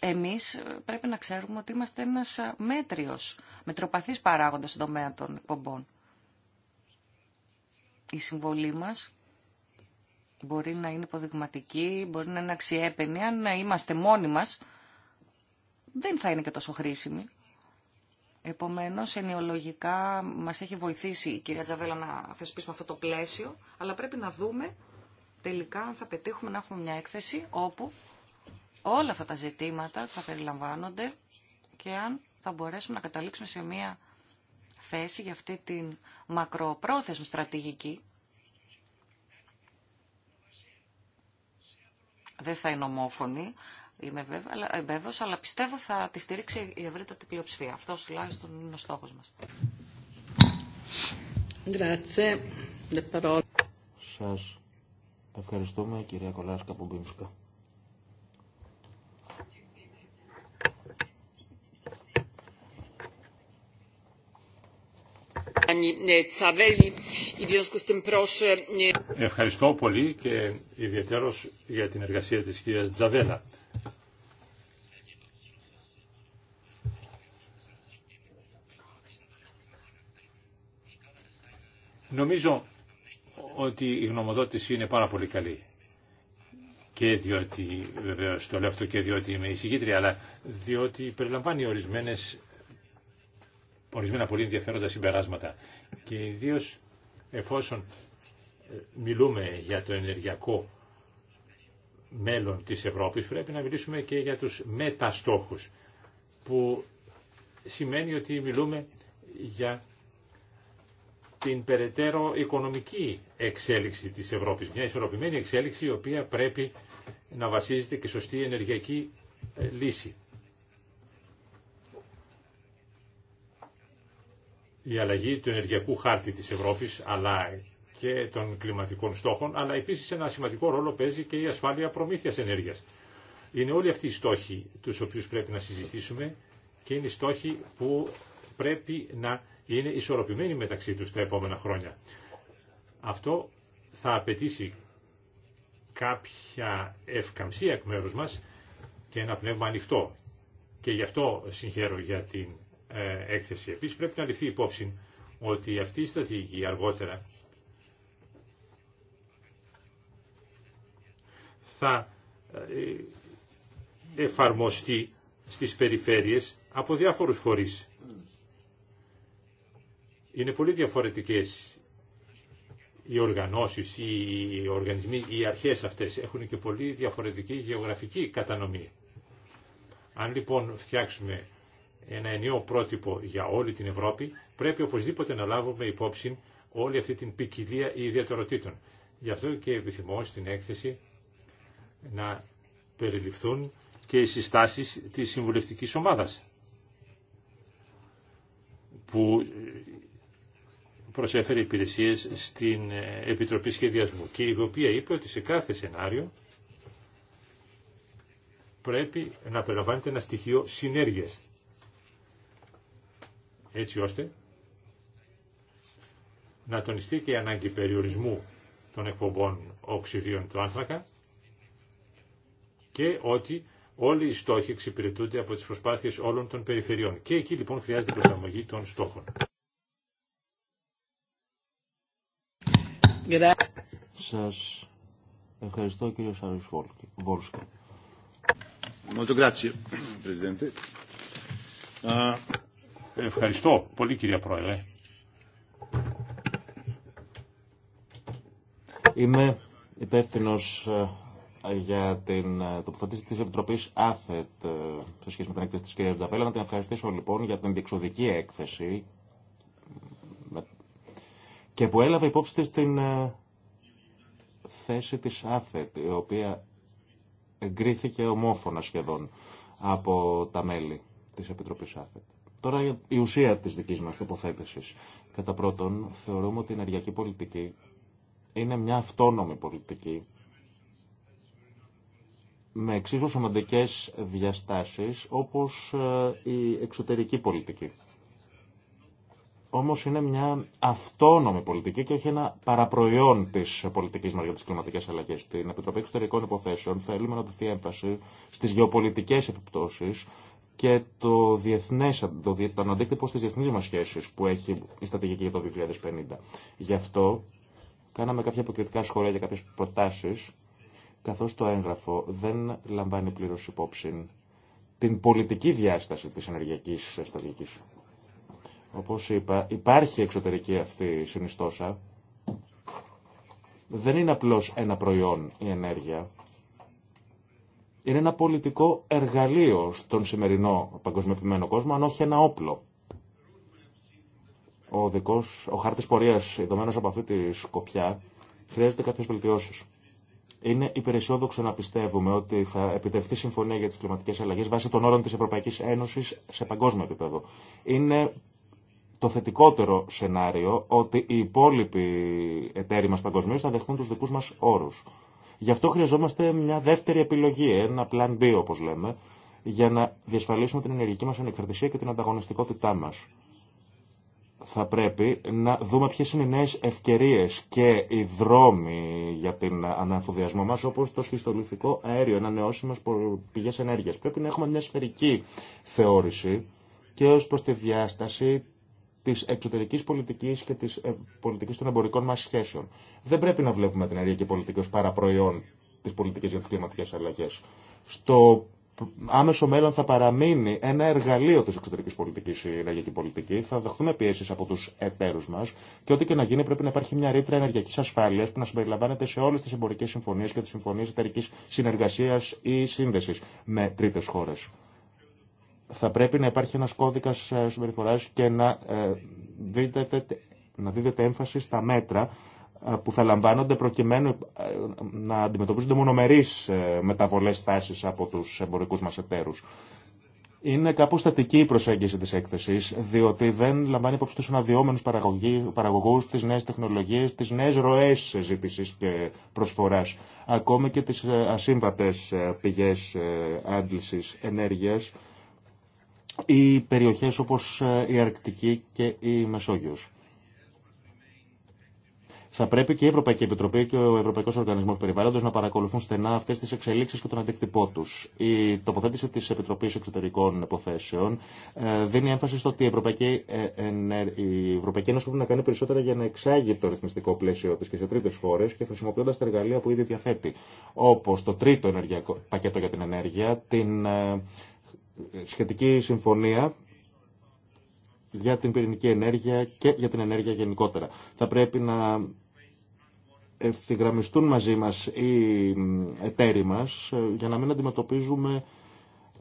εμείς ε, πρέπει να ξέρουμε ότι είμαστε ένας μέτριος, μετροπαθής παράγοντας στον τομέα των εκπομπών. Η συμβολή μας μπορεί να είναι υποδειγματική, μπορεί να είναι αξιέπαινη. Αν είμαστε μόνοι μας, δεν θα είναι και τόσο χρήσιμη. Επομένως, ενοιολογικά μας έχει βοηθήσει η κυρία Τζαβέλα να θεσπίσουμε αυτό το πλαίσιο, αλλά πρέπει να δούμε τελικά αν θα πετύχουμε να έχουμε μια έκθεση όπου όλα αυτά τα ζητήματα θα περιλαμβάνονται και αν θα μπορέσουμε να καταλήξουμε σε μια θέση για αυτή την μακροπρόθεσμη στρατηγική. Δεν θα είναι ομόφωνη, είμαι ε, βέβαιο, αλλά, πιστεύω θα τη στηρίξει η ευρύτατη πλειοψηφία. Αυτό τουλάχιστον είναι ο στόχο μας. Σας ευχαριστούμε κυρία Κολάσκα Πουμπίνσκα. E, e, Ευχαριστώ πολύ και ιδιαίτερος για την εργασία της κυρίας Τζαβέλα. Νομίζω ότι η γνωμοδότηση είναι πάρα πολύ καλή. Και διότι, βεβαίω το λέω αυτό και διότι είμαι εισηγήτρια, αλλά διότι περιλαμβάνει ορισμένες ορισμένα πολύ ενδιαφέροντα συμπεράσματα. Και ιδίω εφόσον ε, μιλούμε για το ενεργειακό μέλλον της Ευρώπης, πρέπει να μιλήσουμε και για τους μεταστόχους, που σημαίνει ότι μιλούμε για την περαιτέρω οικονομική εξέλιξη της Ευρώπης, μια ισορροπημένη εξέλιξη η οποία πρέπει να βασίζεται και σωστή ενεργειακή ε, λύση. η αλλαγή του ενεργειακού χάρτη της Ευρώπης, αλλά και των κλιματικών στόχων, αλλά επίσης ένα σημαντικό ρόλο παίζει και η ασφάλεια προμήθειας ενέργειας. Είναι όλοι αυτοί οι στόχοι τους οποίους πρέπει να συζητήσουμε και είναι οι στόχοι που πρέπει να είναι ισορροπημένοι μεταξύ τους τα επόμενα χρόνια. Αυτό θα απαιτήσει κάποια ευκαμψία εκ μέρους μας και ένα πνεύμα ανοιχτό. Και γι' αυτό συγχαίρω για την ε, έκθεση. Επίσης πρέπει να ληφθεί υπόψη ότι αυτή η στρατηγική αργότερα θα ε, εφαρμοστεί στις περιφέρειες από διάφορους φορείς. Είναι πολύ διαφορετικές οι οργανώσεις, οι οργανισμοί, οι αρχές αυτές έχουν και πολύ διαφορετική γεωγραφική κατανομή. Αν λοιπόν φτιάξουμε ένα ενιαίο πρότυπο για όλη την Ευρώπη, πρέπει οπωσδήποτε να λάβουμε υπόψη όλη αυτή την ποικιλία ιδιαιτεροτήτων. Γι' αυτό και επιθυμώ στην έκθεση να περιληφθούν και οι συστάσεις της συμβουλευτικής ομάδας που προσέφερε υπηρεσίες στην Επιτροπή Σχεδιασμού και η οποία είπε ότι σε κάθε σενάριο πρέπει να περιλαμβάνεται ένα στοιχείο συνέργειας έτσι ώστε να τονιστεί και η ανάγκη περιορισμού των εκπομπών οξυδίων του άνθρακα και ότι όλοι οι στόχοι εξυπηρετούνται από τις προσπάθειες όλων των περιφερειών. Και εκεί λοιπόν χρειάζεται προσαρμογή των στόχων. Σας ευχαριστώ κύριο Σάρις Βόλσκα. Molto grazie, Presidente. Ah, Ευχαριστώ πολύ κυρία Πρόεδρε. Είμαι υπεύθυνο ε, για την ε, τοποθέτηση τη Επιτροπή ΑΘΕΤ ε, σε σχέση με την έκθεση τη κυρία Νταπέλα. Να την ευχαριστήσω λοιπόν για την διεξοδική έκθεση και που έλαβε υπόψη της την θέση της ΑΘΕΤ, η οποία εγκρίθηκε ομόφωνα σχεδόν από τα μέλη της Επιτροπής ΑΘΕΤ. Τώρα η ουσία της δικής μας τοποθέτησης. Κατά πρώτον, θεωρούμε ότι η ενεργειακή πολιτική είναι μια αυτόνομη πολιτική με εξίσου σημαντικέ διαστάσεις όπως ε, η εξωτερική πολιτική. Όμως είναι μια αυτόνομη πολιτική και όχι ένα παραπροϊόν της πολιτικής μας για τις κλιματικές αλλαγές. Στην Επιτροπή Εξωτερικών Υποθέσεων θέλουμε να δοθεί έμφαση στις γεωπολιτικές επιπτώσεις και το διεθνές, το, το αντίκτυπο στις διεθνείς μας σχέσεις που έχει η στρατηγική για το 2050. Γι' αυτό κάναμε κάποια αποκριτικά σχόλια για κάποιες προτάσεις, καθώς το έγγραφο δεν λαμβάνει πλήρως υπόψη την πολιτική διάσταση της ενεργειακής στρατηγικής. Όπως είπα, υπάρχει εξωτερική αυτή συνιστόσα. Δεν είναι απλώς ένα προϊόν η ενέργεια, είναι ένα πολιτικό εργαλείο στον σημερινό παγκοσμιοποιημένο κόσμο, αν όχι ένα όπλο. Ο, δικός, ο χάρτης πορείας, ειδωμένος από αυτή τη σκοπιά, χρειάζεται κάποιες βελτιώσεις. Είναι υπεραισιόδοξο να πιστεύουμε ότι θα επιτευχθεί συμφωνία για τι κλιματικέ αλλαγέ βάσει των όρων τη Ευρωπαϊκή Ένωση σε παγκόσμιο επίπεδο. Είναι το θετικότερο σενάριο ότι οι υπόλοιποι εταίροι μα παγκοσμίω θα δεχτούν του δικού μα όρου. Γι' αυτό χρειαζόμαστε μια δεύτερη επιλογή, ένα plan B όπως λέμε, για να διασφαλίσουμε την ενεργική μας ανεξαρτησία και την ανταγωνιστικότητά μας. Θα πρέπει να δούμε ποιε είναι οι νέε ευκαιρίες και οι δρόμοι για την αναφοδιασμό μας, όπως το σχιστολιθικό αέριο, ένα νεώσιμες πηγές ενέργειας. Πρέπει να έχουμε μια σφαιρική θεώρηση και ω προ τη διάσταση τη εξωτερική πολιτική και τη ε, πολιτική των εμπορικών μα σχέσεων. Δεν πρέπει να βλέπουμε την ενεργειακή πολιτική ω παραπροϊόν τη πολιτική για τι κλιματικέ αλλαγέ. Στο άμεσο μέλλον θα παραμείνει ένα εργαλείο τη εξωτερική πολιτική η ενεργειακή πολιτική. Θα δεχτούμε πιέσει από του εταίρου μα και ό,τι και να γίνει πρέπει να υπάρχει μια ρήτρα ενεργειακή ασφάλεια που να συμπεριλαμβάνεται σε όλε τι εμπορικέ συμφωνίε και τι συμφωνίε εταιρική συνεργασία ή σύνδεση με τρίτε χώρε θα πρέπει να υπάρχει ένας κώδικας ε, συμπεριφοράς και να, ε, δίδεται, να δίδεται έμφαση στα μέτρα ε, που θα λαμβάνονται προκειμένου να αντιμετωπίζονται μονομερείς μεταβολές τάσεις από τους εμπορικούς μας εταίρους. Είναι κάπως θετική η προσέγγιση της έκθεσης, διότι δεν λαμβάνει υπόψη τους αναδυόμενους παραγωγούς, τις νέες τεχνολογίες, τις νέες ροές ζήτηση και προσφοράς, ακόμη και τις ασύμβατες πηγές άντλησης ενέργειας, οι ε, Αρκτική και η Μεσόγειος. Θα πρέπει και η Ευρωπαϊκή Επιτροπή και ο Ευρωπαϊκό Οργανισμό Περιβάλλοντος να παρακολουθούν στενά αυτές τις εξελίξεις και τον αντίκτυπό τους. Η τοποθέτηση τη Επιτροπή Εξωτερικών Υποθέσεων ε, δίνει έμφαση στο ότι η Ευρωπαϊκή, ε, η Ευρωπαϊκή Ένωση πρέπει να κάνει περισσότερα για να εξάγει το ρυθμιστικό πλαίσιο τη και σε τρίτες χώρες και χρησιμοποιώντα τα εργαλεία που ήδη διαθέτει. Όπω το τρίτο ενεργειακό πακέτο για την ενέργεια, την σχετική συμφωνία για την πυρηνική ενέργεια και για την ενέργεια γενικότερα. Θα πρέπει να ευθυγραμμιστούν μαζί μας οι εταίροι μας ε, για να μην αντιμετωπίζουμε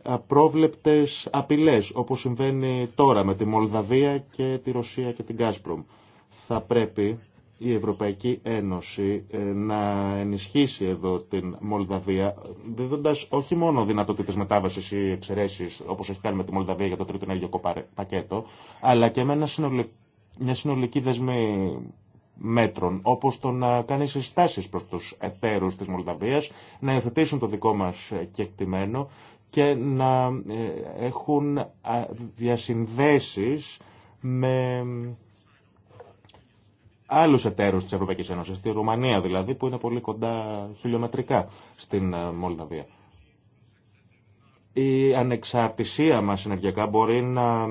απρόβλεπτες απειλές όπως συμβαίνει τώρα με τη Μολδαβία και τη Ρωσία και την Κάσπρομ. Θα πρέπει η Ευρωπαϊκή Ένωση ε, να ενισχύσει εδώ την Μολδαβία, δίδοντα όχι μόνο δυνατότητε μετάβαση ή εξαιρέσει, όπω έχει κάνει με τη Μολδαβία για το τρίτο ενεργειακό πακέτο, αλλά και με μια συνολική δεσμή μέτρων, όπως το να κάνει συστάσεις προς τους εταίρους της Μολδαβίας, να υιοθετήσουν το δικό μας κεκτημένο και να ε, έχουν διασυνδέσεις με άλλους εταίρους της Ευρωπαϊκής Ένωσης, τη Ρουμανία δηλαδή, που είναι πολύ κοντά χιλιομετρικά στην ε, Μολδαβία. Η ανεξαρτησία μας ενεργειακά μπορεί να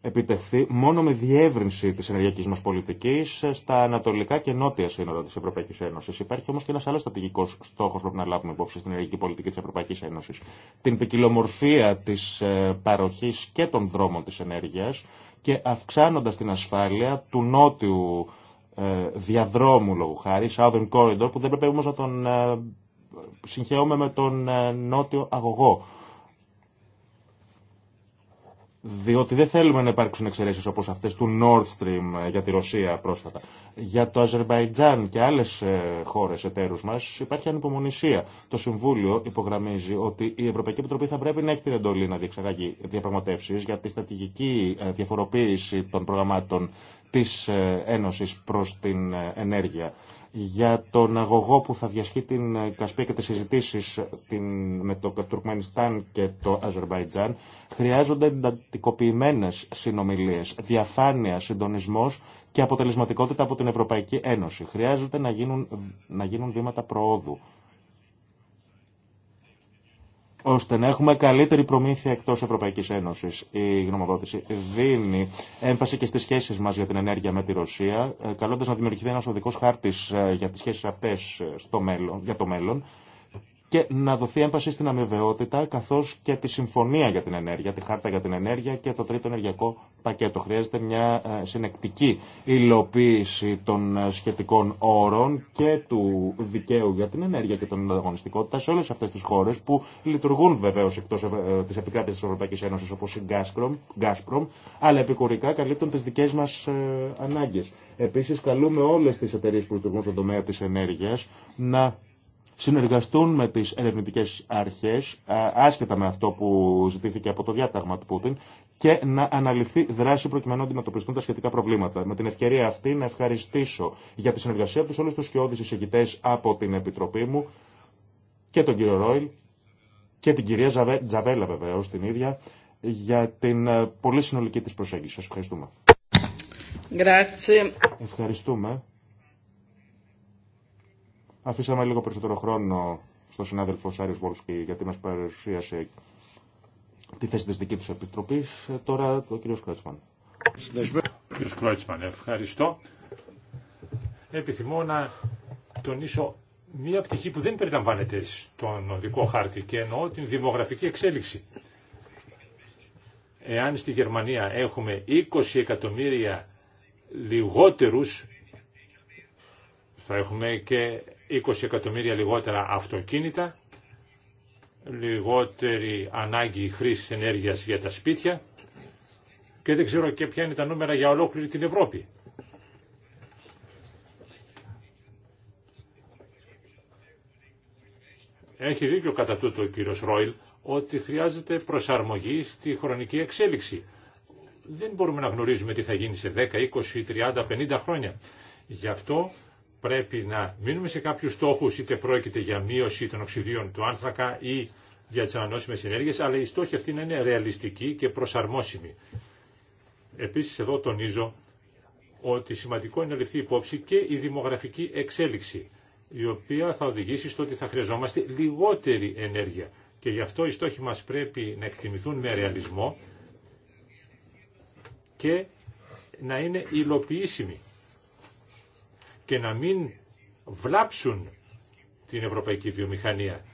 επιτευχθεί μόνο με διεύρυνση της ενεργειακής μας πολιτικής στα ανατολικά και νότια σύνορα της Ευρωπαϊκής Ένωσης. Υπάρχει όμως και ένας άλλος στρατηγικός στόχος που πρέπει να λάβουμε υπόψη στην ενεργειακή πολιτική της Ευρωπαϊκής Ένωσης. Την ποικιλομορφία της ε, παροχής και των δρόμων τη ενέργεια και αυξάνοντας την ασφάλεια του νότιου ε, διαδρόμου λόγου χάρη, Southern Corridor, που δεν πρέπει όμως να τον ε, συγχαίουμε με τον ε, νότιο αγωγό, διότι δεν θέλουμε να υπάρξουν εξαιρεσει όπως αυτές του Nord Stream ε, για τη Ρωσία πρόσφατα. Για το Αζερβαϊτζάν και άλλες ε, χώρες εταίρους μας υπάρχει ανυπομονησία. Το Συμβούλιο υπογραμμίζει ότι η Ευρωπαϊκή Επιτροπή θα πρέπει να έχει την εντολή να διεξαγάγει διαπραγματεύσει για τη στατηγική ε, διαφοροποίηση των προγραμμάτων τη Ένωση προ την ενέργεια για τον αγωγό που θα διασχεί την Κασπία και τις συζητήσεις με το Τουρκμενιστάν και το Αζερβαϊτζάν χρειάζονται εντατικοποιημένες συνομιλίες, διαφάνεια, συντονισμός και αποτελεσματικότητα από την Ευρωπαϊκή Ένωση. Χρειάζονται να γίνουν, να γίνουν βήματα προόδου ώστε να έχουμε καλύτερη προμήθεια εκτό Ευρωπαϊκή Ένωση. Η γνωμοδότηση δίνει έμφαση και στι σχέσει μα για την ενέργεια με τη Ρωσία, ε, καλώντα να δημιουργηθεί ένα οδικό χάρτη ε, για τι σχέσει αυτέ ε, για το μέλλον και να δοθεί έμφαση στην αμοιβαιότητα καθώ και τη συμφωνία για την ενέργεια, τη χάρτα για την ενέργεια και το τρίτο ενεργειακό πακέτο. Χρειάζεται μια ε, συνεκτική υλοποίηση των ε, σχετικών όρων και του δικαίου για την ενέργεια και την ανταγωνιστικότητα σε όλε αυτέ τι χώρε που λειτουργούν βεβαίω εκτό ε, τη επικράτηση τη Ευρωπαϊκή Ένωση όπω η Gazprom, αλλά επικουρικά καλύπτουν τι δικέ μα ανάγκε. Επίση, καλούμε όλε τι εταιρείε που λειτουργούν στον τομέα τη ενέργεια να συνεργαστούν με τις ερευνητικές αρχές, άσχετα με αυτό που ζητήθηκε από το διάταγμα του Πούτιν, και να αναλυθεί δράση προκειμένου να αντιμετωπιστούν τα σχετικά προβλήματα. Με την ευκαιρία αυτή να ευχαριστήσω για τη συνεργασία τους όλους τους σκιώδεις εισηγητές από την Επιτροπή μου και τον κύριο Ρόιλ και την κυρία Ζαβέ, Τζαβέλα βεβαίως την ίδια για την ε, πολύ συνολική της προσέγγιση. Σας ευχαριστούμε. Grazie. Ευχαριστούμε. Αφήσαμε λίγο περισσότερο χρόνο στον συνάδελφο Σάριο Βόλσκι γιατί μας παρουσίασε τη θέση τη δική του επιτροπή. Ε, τώρα το κ. Κρότσμαν. Κ. Κρότσμαν, ευχαριστώ. Επιθυμώ να τονίσω μία πτυχή που δεν περιλαμβάνεται στον οδικό χάρτη και εννοώ την δημογραφική εξέλιξη. Εάν στη Γερμανία έχουμε 20 εκατομμύρια λιγότερους, θα έχουμε και 20 εκατομμύρια λιγότερα αυτοκίνητα, λιγότερη ανάγκη χρήσης ενέργειας για τα σπίτια και δεν ξέρω και ποια είναι τα νούμερα για ολόκληρη την Ευρώπη. Έχει δίκιο κατά τούτο ο κύριος Ρόιλ ότι χρειάζεται προσαρμογή στη χρονική εξέλιξη. Δεν μπορούμε να γνωρίζουμε τι θα γίνει σε 10, 20, 30, 50 χρόνια. Γι' αυτό πρέπει να μείνουμε σε κάποιους στόχους, είτε πρόκειται για μείωση των οξυδίων του άνθρακα ή για τις ανανόσιμες ενέργειες, αλλά οι στόχοι αυτοί να είναι ρεαλιστικοί και προσαρμόσιμοι. Επίσης εδώ τονίζω ότι σημαντικό είναι να ληφθεί υπόψη και η δημογραφική εξέλιξη, η οποία θα οδηγήσει στο ότι θα χρειαζόμαστε λιγότερη ενέργεια. Και γι' αυτό οι στόχοι μας πρέπει να εκτιμηθούν με ρεαλισμό και να είναι υλοποιήσιμοι και να μην βλάψουν την ευρωπαϊκή βιομηχανία.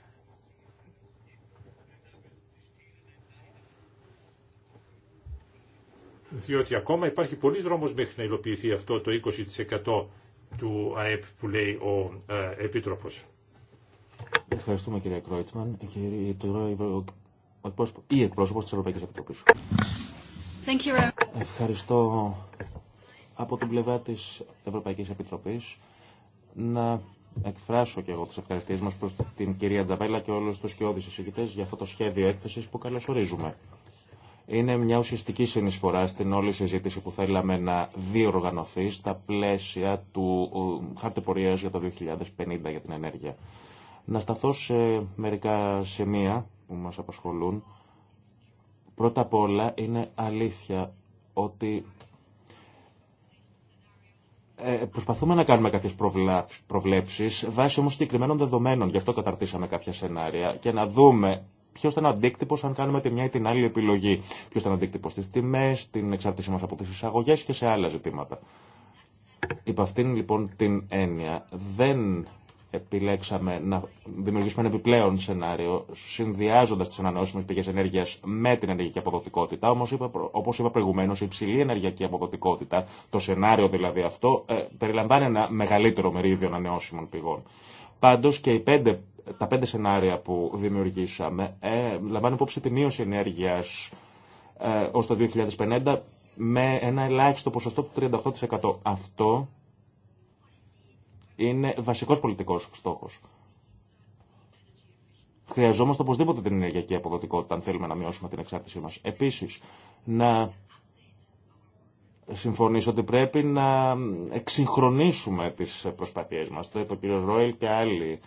Διότι ακόμα υπάρχει πολλής δρόμος μέχρι να υλοποιηθεί αυτό το 20% του ΑΕΠ που λέει ο ε, Επίτροπος. Ευχαριστούμε κύριε Κρόιτσμαν. η εκπρόσωπος της Ευρωπαϊκής Επιτροπής. Thank you. Ευχαριστώ από την πλευρά της Ευρωπαϊκής Επιτροπής να εκφράσω και εγώ τις ευχαριστίες μας προς την κυρία Τζαβέλα και όλους τους σκιώδεις εισηγητές για αυτό το σχέδιο έκθεσης που καλωσορίζουμε. Είναι μια ουσιαστική συνεισφορά στην όλη συζήτηση που θέλαμε να διοργανωθεί στα πλαίσια του χάρτη πορείας για το 2050 για την ενέργεια. Να σταθώ σε μερικά σημεία που μας απασχολούν. Πρώτα απ' όλα είναι αλήθεια ότι ε, προσπαθούμε να κάνουμε κάποιε προβλέψει βάσει όμω συγκεκριμένων δεδομένων. Γι' αυτό καταρτήσαμε κάποια σενάρια και να δούμε ποιο ήταν ο αντίκτυπο αν κάνουμε τη μια ή την άλλη επιλογή. Ποιο ήταν ο αντίκτυπο στι τιμέ, στην εξάρτησή μα από τι εισαγωγέ και σε άλλα ζητήματα. Υπ' αυτήν λοιπόν την έννοια δεν επιλέξαμε να δημιουργήσουμε ένα επιπλέον σενάριο, συνδυάζοντα τι ανανεώσιμε πηγέ ενέργεια με την ενεργειακή αποδοτικότητα. Όμω, όπω είπα προηγουμένω, η υψηλή ενεργειακή αποδοτικότητα, το σενάριο δηλαδή αυτό, ε, περιλαμβάνει ένα μεγαλύτερο μερίδιο ανανεώσιμων πηγών. Πάντω και οι πέντε, τα πέντε σενάρια που δημιουργήσαμε ε, λαμβάνουν υπόψη τη μείωση ενέργεια ε, ω το 2050 με ένα ελάχιστο ποσοστό του 38%. Αυτό είναι βασικός πολιτικός στόχος. Χρειαζόμαστε οπωσδήποτε την ενεργειακή αποδοτικότητα αν θέλουμε να μειώσουμε την εξάρτησή μας. Επίσης, να συμφωνήσω ότι πρέπει να εξυγχρονίσουμε τις προσπάθειές μας. Το είπε ο κ. Ρόιλ και άλλοι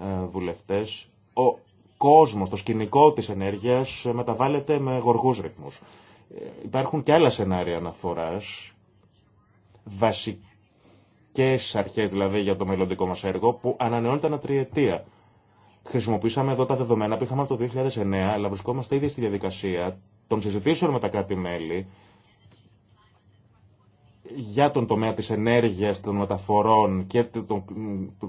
ε, βουλευτές. Ο κόσμος, το σκηνικό της ενέργειας ε, μεταβάλλεται με γοργούς ρυθμούς. Ε, υπάρχουν και άλλα σενάρια αναφοράς βασικέ αρχέ δηλαδή για το μελλοντικό μα έργο που ανανεώνεται τριετία. Χρησιμοποίησαμε εδώ τα δεδομένα που είχαμε από το 2009, αλλά βρισκόμαστε ήδη στη διαδικασία των συζητήσεων με τα κράτη-μέλη για τον τομέα της ενέργειας, των μεταφορών και των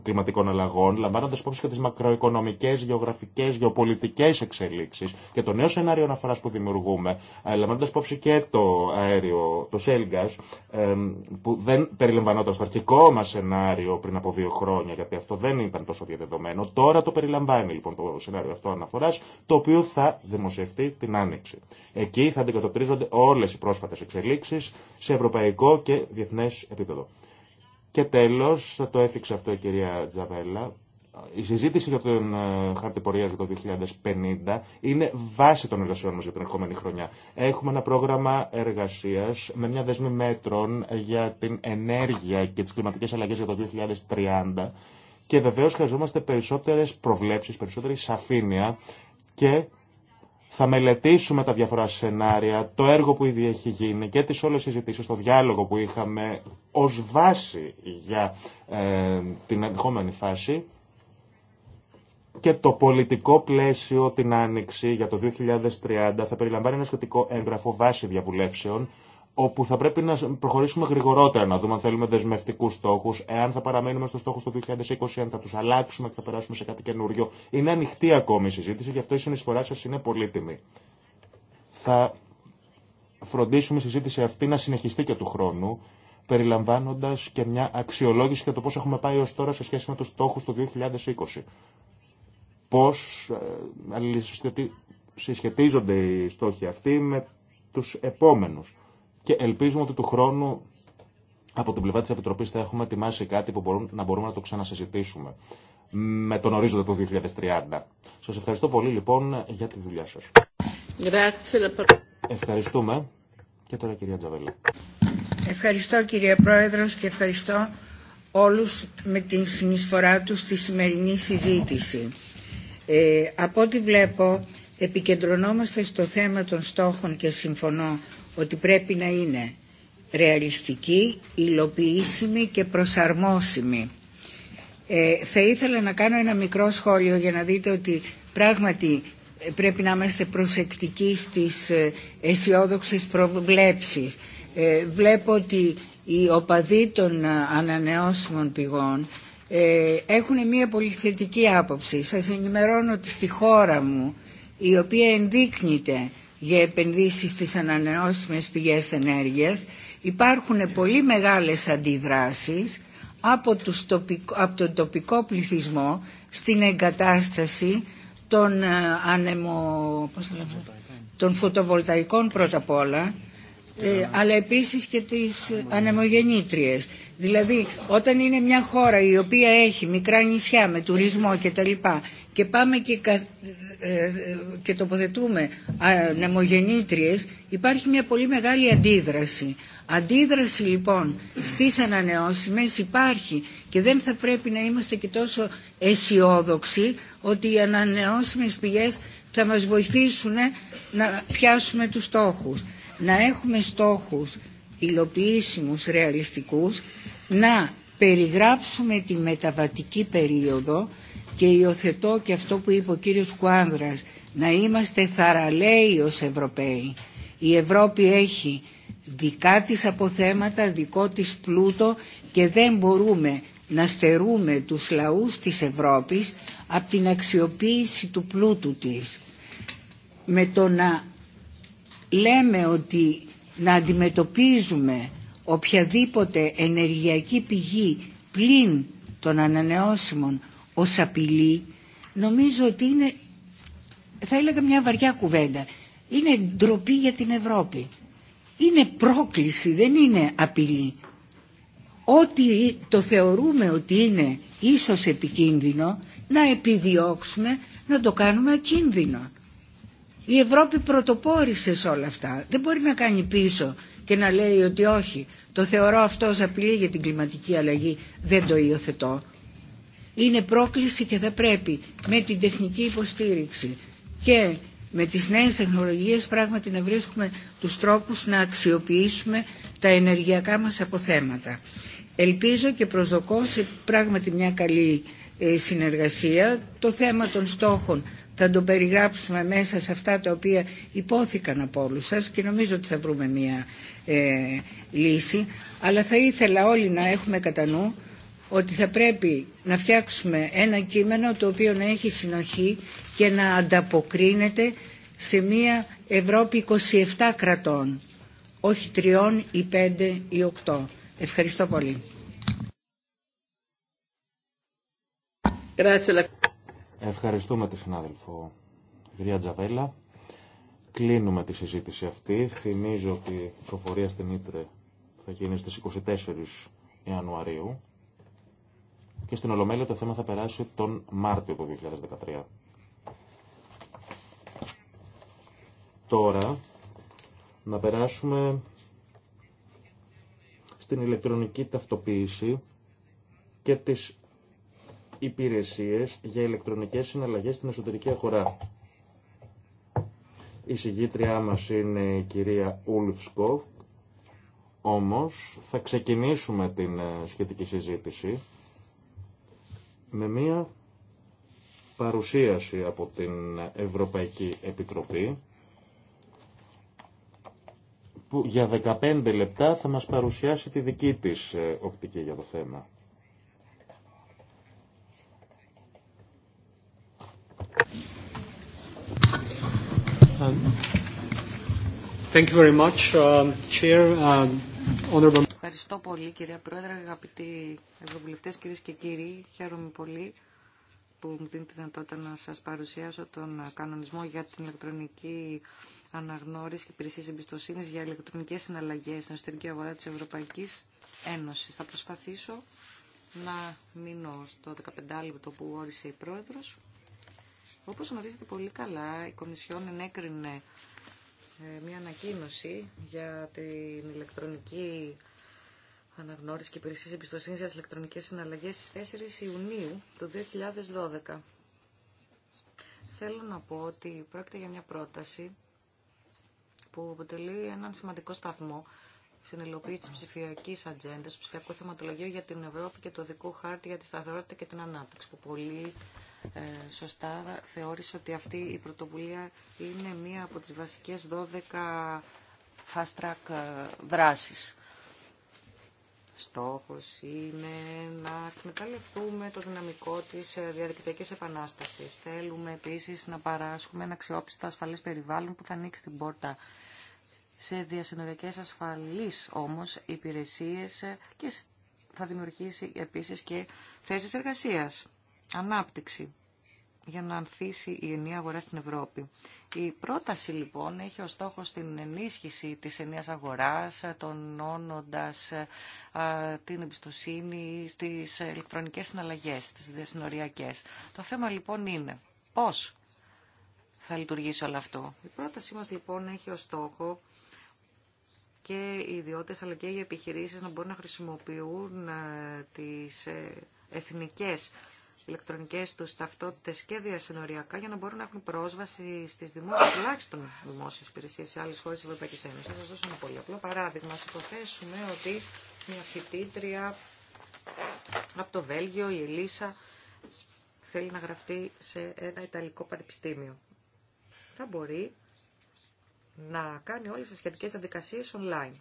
κλιματικών αλλαγών, λαμβάνοντας υπόψη και τις μακροοικονομικές, γεωγραφικές, γεωπολιτικές εξελίξεις και το νέο σενάριο αναφοράς που δημιουργούμε, ε, λαμβάνοντας υπόψη και το αέριο, το σέλγκας, ε, που δεν περιλαμβανόταν στο αρχικό μας σενάριο πριν από δύο χρόνια, γιατί αυτό δεν ήταν τόσο διαδεδομένο, τώρα το περιλαμβάνει λοιπόν το σενάριο αυτό αναφοράς, το οποίο θα δημοσιευτεί την Άνοιξη. Εκεί θα αντικατοπτρίζονται όλες οι πρόσφατες εξελίξεις σε ευρωπαϊκό και διεθνέ επίπεδο. Και τέλο, θα το έθιξε αυτό η κυρία Τζαβέλα, η συζήτηση για τον ε, χάρτη πορεία για το 2050 είναι βάση των εργασιών μα για την ερχόμενη χρονιά. Έχουμε ένα πρόγραμμα εργασία με μια δεσμή μέτρων για την ενέργεια και τι κλιματικέ αλλαγέ για το 2030 και βεβαίω χρειαζόμαστε περισσότερε προβλέψει, περισσότερη σαφήνεια και θα μελετήσουμε τα διάφορα σενάρια, το έργο που ήδη έχει γίνει και τις όλες τις συζητήσεις, το διάλογο που είχαμε ως βάση για ε, την ερχόμενη φάση και το πολιτικό πλαίσιο την Άνοιξη για το 2030 θα περιλαμβάνει ένα σχετικό έγγραφο βάση διαβουλεύσεων όπου θα πρέπει να προχωρήσουμε γρηγορότερα, να δούμε αν θέλουμε δεσμευτικού στόχου, εάν θα παραμείνουμε στο στόχο του 2020, αν θα του αλλάξουμε και θα περάσουμε σε κάτι καινούριο. Είναι ανοιχτή ακόμη η συζήτηση, γι' αυτό η συνεισφορά σα είναι πολύτιμη. Θα φροντίσουμε η συζήτηση αυτή να συνεχιστεί και του χρόνου, περιλαμβάνοντα και μια αξιολόγηση για το πώ έχουμε πάει ω τώρα σε σχέση με του στόχου του 2020. Πώ συσχετίζονται οι στόχοι αυτοί με του επόμενου και ελπίζουμε ότι του χρόνου από την πλευρά της Επιτροπής θα έχουμε ετοιμάσει κάτι που μπορούμε, να μπορούμε να το ξανασυζητήσουμε με τον ορίζοντα του 2030. Σας ευχαριστώ πολύ λοιπόν για τη δουλειά σας. Ευχαριστούμε. Και τώρα κυρία Τζαβέλα. Ευχαριστώ κύριε Πρόεδρος και ευχαριστώ όλους με την συνεισφορά του στη σημερινή συζήτηση. Ε, από ό,τι βλέπω επικεντρωνόμαστε στο θέμα των στόχων και συμφωνώ ότι πρέπει να είναι ρεαλιστική, υλοποιήσιμη και προσαρμόσιμη. Ε, θα ήθελα να κάνω ένα μικρό σχόλιο για να δείτε ότι πράγματι ε, πρέπει να είμαστε προσεκτικοί στις ε, αισιόδοξε προβλέψεις. βλέπω ότι οι οπαδοί των ανανεώσιμων πηγών έχουν μια πολύ θετική άποψη. Σας ενημερώνω ότι στη χώρα μου, η οποία ενδείκνυται για επενδύσεις στις ανανεώσιμες πηγές ενέργειας υπάρχουν πολύ μεγάλες αντιδράσεις από, από τον τοπικό πληθυσμό στην εγκατάσταση των, ε, ανεμο, των φωτοβολταϊκών πρώτα απ' όλα ε, αλλά επίσης και τις ανεμογεννήτριες. Δηλαδή όταν είναι μια χώρα η οποία έχει μικρά νησιά με τουρισμό και τα λοιπά και πάμε και, κα... Ε, και τοποθετούμε νεμογεννήτριες υπάρχει μια πολύ μεγάλη αντίδραση. Αντίδραση λοιπόν στις ανανεώσιμες υπάρχει και δεν θα πρέπει να είμαστε και τόσο αισιόδοξοι ότι οι ανανεώσιμες πηγές θα μας βοηθήσουν να πιάσουμε τους στόχους. Να έχουμε στόχους υλοποιήσιμους, ρεαλιστικούς να περιγράψουμε τη μεταβατική περίοδο και υιοθετώ και αυτό που είπε ο κύριος Κουάνδρας, να είμαστε θαραλέοι ως Ευρωπαίοι. Η Ευρώπη έχει δικά της αποθέματα, δικό της πλούτο και δεν μπορούμε να στερούμε τους λαούς της Ευρώπης από την αξιοποίηση του πλούτου της. Με το να λέμε ότι να αντιμετωπίζουμε οποιαδήποτε ενεργειακή πηγή πλην των ανανεώσιμων ως απειλή νομίζω ότι είναι θα έλεγα μια βαριά κουβέντα είναι ντροπή για την Ευρώπη είναι πρόκληση δεν είναι απειλή ό,τι το θεωρούμε ότι είναι ίσως επικίνδυνο να επιδιώξουμε να το κάνουμε ακίνδυνο η Ευρώπη πρωτοπόρησε σε όλα αυτά δεν μπορεί να κάνει πίσω και να λέει ότι όχι, το θεωρώ αυτό ως απειλή για την κλιματική αλλαγή, δεν το υιοθετώ. Είναι πρόκληση και θα πρέπει με την τεχνική υποστήριξη και με τις νέες τεχνολογίες πράγματι να βρίσκουμε τους τρόπους να αξιοποιήσουμε τα ενεργειακά μας αποθέματα. Ελπίζω και προσδοκώ σε πράγματι μια καλή ε, συνεργασία. Το θέμα των στόχων θα τον περιγράψουμε μέσα σε αυτά τα οποία υπόθηκαν από όλους σας και νομίζω ότι θα βρούμε μια ε, λύση αλλά θα ήθελα όλοι να έχουμε κατά νου ότι θα πρέπει να φτιάξουμε ένα κείμενο το οποίο να έχει συνοχή και να ανταποκρίνεται σε μια Ευρώπη 27 κρατών, όχι τριών ή πέντε ή οκτώ. Ευχαριστώ πολύ. Ευχαριστούμε τη συνάδελφο Γρία Τζαβέλα. Κλείνουμε τη συζήτηση αυτή. Θυμίζω ότι η προφορία στην Ήτρε θα γίνει στις 24 Ιανουαρίου και στην Ολομέλεια το θέμα θα περάσει τον Μάρτιο του 2013. Τώρα να περάσουμε στην ηλεκτρονική ταυτοποίηση και τις υπηρεσίες για ηλεκτρονικές συναλλαγές στην εσωτερική αγορά. Η συγγήτριά μας είναι η κυρία Ούλφ όμως θα ξεκινήσουμε την ε, σχετική συζήτηση με μία παρουσίαση από την Ευρωπαϊκή Επιτροπή που για 15 λεπτά θα μας παρουσιάσει τη δική της ε, οπτική για το θέμα. Um, thank you very much, uh, Chair. Um, Ευχαριστώ πολύ κυρία Πρόεδρε, αγαπητοί ευρωβουλευτές, κυρίες και κύριοι. Χαίρομαι πολύ που μου δίνετε τη δυνατότητα να σας παρουσιάσω τον κανονισμό για την ηλεκτρονική αναγνώριση και υπηρεσίες εμπιστοσύνης για ηλεκτρονικές συναλλαγές στην εσωτερική αγορά της Ευρωπαϊκής Ένωσης. Θα προσπαθήσω να μείνω στο 15 λεπτό που όρισε η Πρόεδρος όπως γνωρίζετε πολύ καλά, η Κομισιόν ενέκρινε ε, μια ανακοίνωση για την ηλεκτρονική αναγνώριση και υπηρεσίες εμπιστοσύνη για τις ηλεκτρονικές συναλλαγές στις 4 Ιουνίου του 2012. Θέλω να πω ότι πρόκειται για μια πρόταση που αποτελεί έναν σημαντικό σταθμό στην υλοποίηση τη ψηφιακή ατζέντα, ψηφιακού θεματολογίου για την Ευρώπη και το δικό χάρτη για τη σταθερότητα και την ανάπτυξη. Που πολύ ε, σωστά θεώρησε ότι αυτή η πρωτοβουλία είναι μία από τι βασικέ 12 fast track ε, δράσει. Στόχο είναι να εκμεταλλευτούμε το δυναμικό τη ε, διαδικτυακή επανάσταση. Θέλουμε επίση να παράσχουμε ένα αξιόπιστο ασφαλέ περιβάλλον που θα ανοίξει την πόρτα σε διασυνοριακές ασφαλείς όμως υπηρεσίες και θα δημιουργήσει επίσης και θέσεις εργασίας, ανάπτυξη για να ανθίσει η ενιαία αγορά στην Ευρώπη. Η πρόταση λοιπόν έχει ως στόχο την ενίσχυση της ενίας αγοράς, τονώνοντας την εμπιστοσύνη στις ηλεκτρονικές συναλλαγές, στις διασυνοριακές. Το θέμα λοιπόν είναι πώς θα λειτουργήσει όλο αυτό. Η πρότασή μας λοιπόν έχει ως στόχο και οι ιδιώτες αλλά και οι επιχειρήσεις να μπορούν να χρησιμοποιούν ε, τις ε, εθνικές ηλεκτρονικές του ταυτότητες και διασυνοριακά για να μπορούν να έχουν πρόσβαση στις δημόσιες, τουλάχιστον δημόσιες υπηρεσίες σε άλλες χώρες της Ευρωπαϊκής Ένωσης. Θα σας δώσω ένα πολύ απλό παράδειγμα. Συμποθέσουμε υποθέσουμε ότι μια φοιτήτρια από το Βέλγιο, η Ελίσσα, θέλει να γραφτεί σε ένα Ιταλικό πανεπιστήμιο θα μπορεί να κάνει όλες τις σχετικές διαδικασίες online,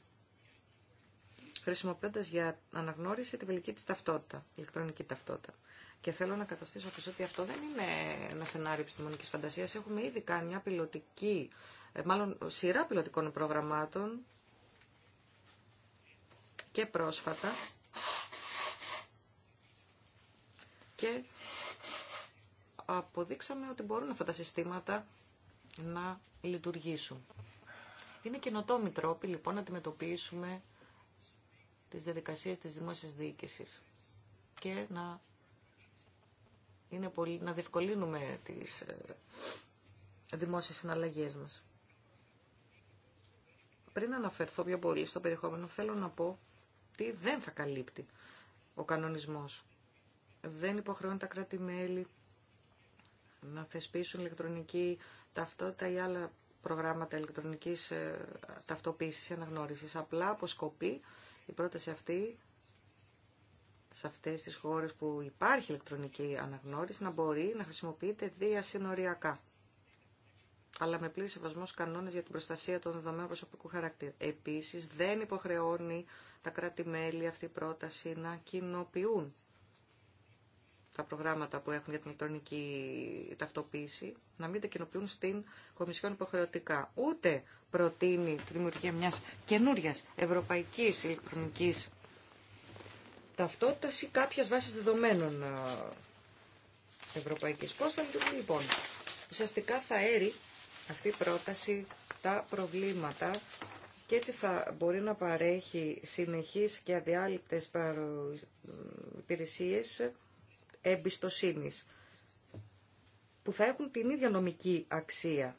χρησιμοποιώντας για αναγνώριση τη βελική της ταυτότητα, ηλεκτρονική ταυτότητα. Και θέλω να καταστήσω πως ότι αυτό δεν είναι ένα σενάριο επιστημονικής φαντασίας. Έχουμε ήδη κάνει μια πιλωτική, ε, μάλλον σειρά πιλωτικών προγραμμάτων και πρόσφατα και αποδείξαμε ότι μπορούν αυτά τα συστήματα να λειτουργήσουν. Είναι καινοτόμοι τρόποι λοιπόν να αντιμετωπίσουμε τις διαδικασίες της δημόσιας διοίκησης και να, είναι πολύ, να διευκολύνουμε τις ε, δημόσιες συναλλαγές μας. Πριν αναφερθώ πιο πολύ στο περιεχόμενο, θέλω να πω τι δεν θα καλύπτει ο κανονισμός. Δεν υποχρεώνει τα κράτη-μέλη να θεσπίσουν ηλεκτρονική ταυτότητα ή άλλα προγράμματα ηλεκτρονικής ε, ταυτοποίησης ή αναγνώρισης. Απλά αποσκοπεί η πρόταση αυτή σε αυτές τις χώρες που υπάρχει ηλεκτρονική αναγνώριση να μπορεί να χρησιμοποιείται διασυνοριακά αλλά με πλήρη σεβασμό στου κανόνε για την προστασία των δεδομένων προσωπικού χαρακτήρα. Επίση, δεν υποχρεώνει τα κράτη-μέλη αυτή η πρόταση να κοινοποιούν τα προγράμματα που έχουν για την ηλεκτρονική ταυτοποίηση να μην τα κοινοποιούν στην Κομισιόν υποχρεωτικά. Ούτε προτείνει τη δημιουργία μιας καινούρια ευρωπαϊκής ηλεκτρονικής ταυτότητας ή κάποιας βάσης δεδομένων ε, ευρωπαϊκής. Πώς θα λειτουργεί λοιπόν. Ουσιαστικά θα έρει αυτή η πρόταση τα προβλήματα και έτσι θα μπορεί να παρέχει συνεχείς και αδιάλειπτες υπηρεσίες εμπιστοσύνης που θα έχουν την ίδια νομική αξία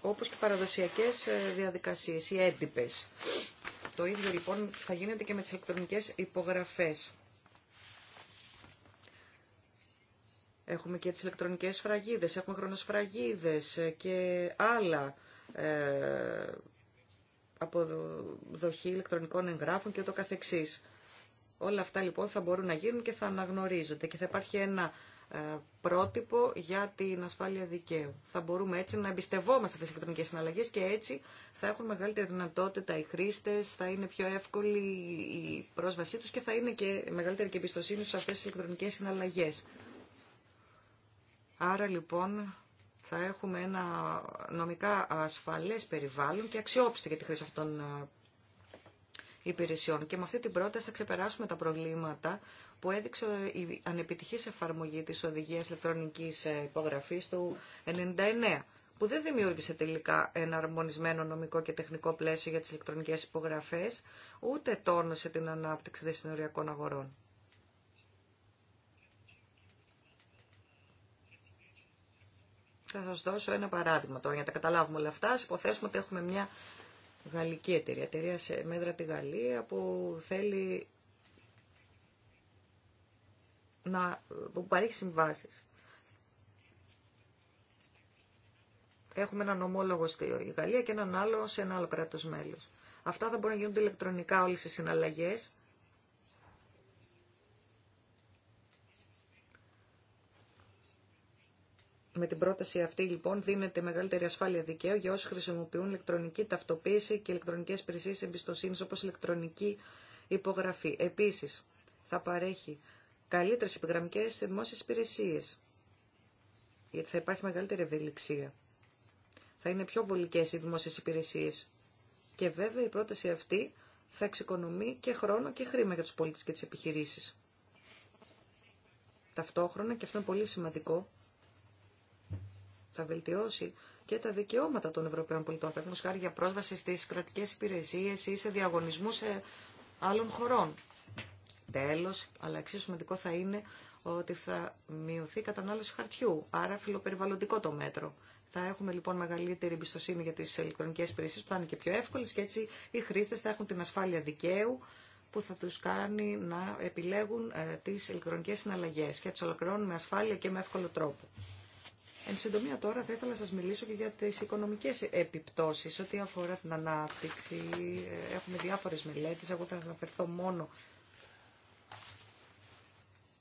όπως και παραδοσιακές ε, διαδικασίες ή έντυπες. Το ίδιο λοιπόν θα γίνεται και με τις ηλεκτρονικές υπογραφές. Έχουμε και τις ηλεκτρονικές φραγίδες, έχουμε χρονοσφραγίδες ε, και άλλα ε, αποδοχή ηλεκτρονικών εγγράφων και ούτω καθεξής. Όλα αυτά λοιπόν θα μπορούν να γίνουν και θα αναγνωρίζονται και θα υπάρχει ένα ε, πρότυπο για την ασφάλεια δικαίου. Θα μπορούμε έτσι να εμπιστευόμαστε τις ηλεκτρονικές συναλλαγές και έτσι θα έχουν μεγαλύτερη δυνατότητα οι χρήστες, θα είναι πιο εύκολη η πρόσβασή τους και θα είναι και μεγαλύτερη και εμπιστοσύνη σε αυτές τις ηλεκτρονικές συναλλαγές. Άρα λοιπόν θα έχουμε ένα νομικά ασφαλές περιβάλλον και αξιόπιστο για τη χρήση αυτών των ε, υπηρεσιών. Και με αυτή την πρόταση θα ξεπεράσουμε τα προβλήματα που έδειξε η ανεπιτυχής εφαρμογή της οδηγίας ηλεκτρονικής ε, υπογραφής του 99 που δεν δημιούργησε τελικά ένα αρμονισμένο νομικό και τεχνικό πλαίσιο για τις ηλεκτρονικές υπογραφές, ούτε τόνωσε την ανάπτυξη δεσυνοριακών αγορών. Θα σας δώσω ένα παράδειγμα τώρα για να τα καταλάβουμε όλα αυτά. Υποθέσουμε ότι έχουμε μια γαλλική εταιρεία, εταιρεία σε μέτρα τη Γαλλία που θέλει να, που παρέχει συμβάσεις. Έχουμε έναν ομόλογο στη Γαλλία και έναν άλλο σε ένα άλλο κράτος μέλος. Αυτά θα μπορούν να γίνονται ηλεκτρονικά όλες οι συναλλαγές Με την πρόταση αυτή λοιπόν δίνεται μεγαλύτερη ασφάλεια δικαίου για όσου χρησιμοποιούν ηλεκτρονική ταυτοποίηση και ηλεκτρονικέ υπηρεσίε εμπιστοσύνη όπω ηλεκτρονική υπογραφή. Επίση, θα παρέχει καλύτερε επιγραμμικές σε υπηρεσίε. υπηρεσίες γιατί θα υπάρχει μεγαλύτερη ευελιξία. Θα είναι πιο βολικέ οι δημόσιε υπηρεσίες και βέβαια η πρόταση αυτή θα εξοικονομεί και χρόνο και χρήμα για του πολίτε και τι επιχειρήσει. Ταυτόχρονα, και αυτό είναι πολύ σημαντικό, θα βελτιώσει και τα δικαιώματα των Ευρωπαίων πολιτών. Παραδείγματο χάρη για πρόσβαση στι κρατικέ υπηρεσίε ή σε διαγωνισμού σε άλλων χωρών. Τέλο, αλλά εξίσου σημαντικό θα είναι ότι θα μειωθεί η κατανάλωση χαρτιού, άρα φιλοπεριβαλλοντικό το μέτρο. Θα έχουμε λοιπόν μεγαλύτερη εμπιστοσύνη για τι ηλεκτρονικέ υπηρεσίε που θα είναι και πιο εύκολε και έτσι οι χρήστε θα έχουν την ασφάλεια δικαίου που θα τους κάνει να επιλέγουν ε, τις ηλεκτρονικές συναλλαγές και τις ολοκληρώνουν με ασφάλεια και με εύκολο τρόπο. Εν συντομία τώρα θα ήθελα να σας μιλήσω και για τις οικονομικές επιπτώσεις ό,τι αφορά την ανάπτυξη. Ε, έχουμε διάφορες μελέτες, εγώ θα αναφερθώ μόνο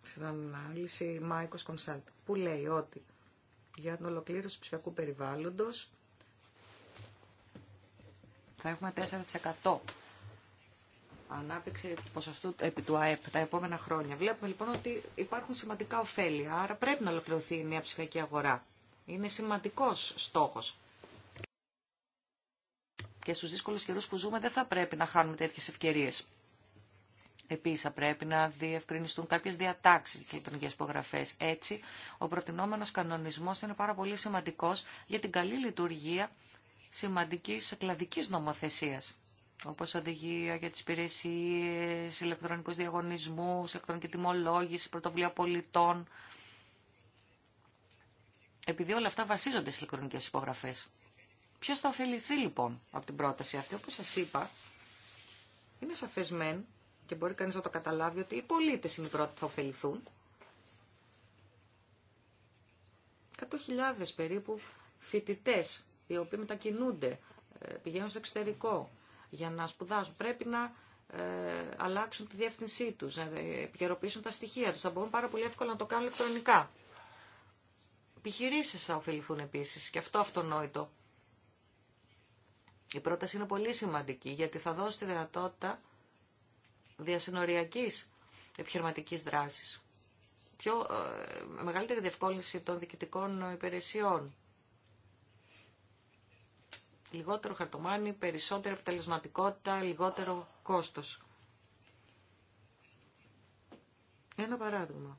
στην ανάλυση Μάικος Κονσάλτ που λέει ότι για την ολοκλήρωση ψηφιακού περιβάλλοντος θα έχουμε 4% ανάπτυξη του ποσοστού επί του ΑΕΠ τα επόμενα χρόνια. Βλέπουμε λοιπόν ότι υπάρχουν σημαντικά ωφέλη, άρα πρέπει να ολοκληρωθεί η νέα ψηφιακή αγορά. Είναι σημαντικός στόχος. Και στους δύσκολους καιρούς που ζούμε δεν θα πρέπει να χάνουμε τέτοιες ευκαιρίες. Επίσης, θα πρέπει να διευκρινιστούν κάποιες διατάξεις της ηλεκτρονικής υπογραφές. Έτσι, ο προτινόμενος κανονισμός είναι πάρα πολύ σημαντικός για την καλή λειτουργία σημαντικής κλαδικής νομοθεσίας όπως οδηγία για τις υπηρεσίες, ηλεκτρονικούς διαγωνισμούς, ηλεκτρονική τιμολόγηση, πρωτοβουλία πολιτών, επειδή όλα αυτά βασίζονται στις ηλεκτρονικές υπογραφές. Ποιος θα ωφεληθεί λοιπόν από την πρόταση αυτή, όπως σας είπα, είναι σαφές μεν και μπορεί κανείς να το καταλάβει ότι οι πολίτες είναι οι πρώτοι που θα ωφεληθούν. 100.000 περίπου φοιτητέ οι οποίοι μετακινούνται, ε, πηγαίνουν στο εξωτερικό για να σπουδάσουν. Πρέπει να ε, αλλάξουν τη διεύθυνσή τους, να ε, επικαιροποιήσουν τα στοιχεία τους. Θα μπορούν πάρα πολύ εύκολα να το κάνουν ηλεκτρονικά επιχειρήσει θα ωφεληθούν επίσης και αυτό αυτονόητο. Η πρόταση είναι πολύ σημαντική γιατί θα δώσει τη δυνατότητα διασυνοριακής επιχειρηματική δράσης. Πιο, ε, μεγαλύτερη διευκόλυνση των διοικητικών υπηρεσιών. Λιγότερο χαρτομάνι, περισσότερη επιτελεσματικότητα, λιγότερο κόστος. Ένα παράδειγμα.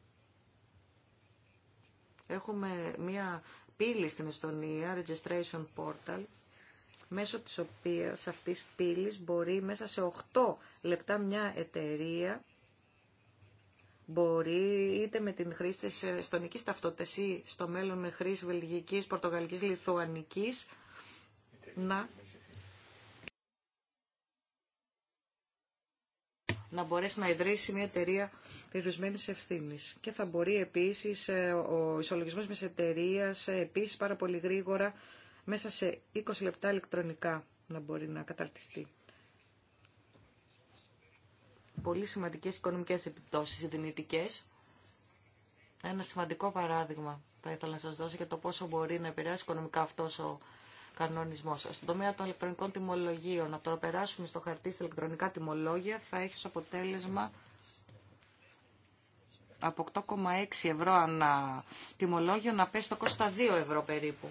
Έχουμε μία πύλη στην Εστονία, Registration Portal, μέσω της οποίας αυτής πύλης μπορεί μέσα σε 8 λεπτά μια εταιρεία μπορεί είτε με την χρήση της εστονικής ταυτότητας ή στο μέλλον με χρήση βελγικής, πορτογαλικής, λιθουανικής να να μπορέσει να ιδρύσει μια εταιρεία περιορισμένη ευθύνη. Και θα μπορεί επίση ε, ο ισολογισμό μια εταιρεία ε, επίση πάρα πολύ γρήγορα μέσα σε 20 λεπτά ηλεκτρονικά να μπορεί να καταρτιστεί. Πολύ σημαντικές οικονομικές επιπτώσεις, δυνητικές. Ένα σημαντικό παράδειγμα θα ήθελα να σας δώσω για το πόσο μπορεί να επηρεάσει οικονομικά αυτός ο κανονισμός. Στον τομέα των ηλεκτρονικών τιμολογίων, από το να περάσουμε στο χαρτί στα ηλεκτρονικά τιμολόγια, θα έχει αποτέλεσμα από 8,6 ευρώ ανά τιμολόγιο να πέσει το κόστο στα 2 ευρώ περίπου.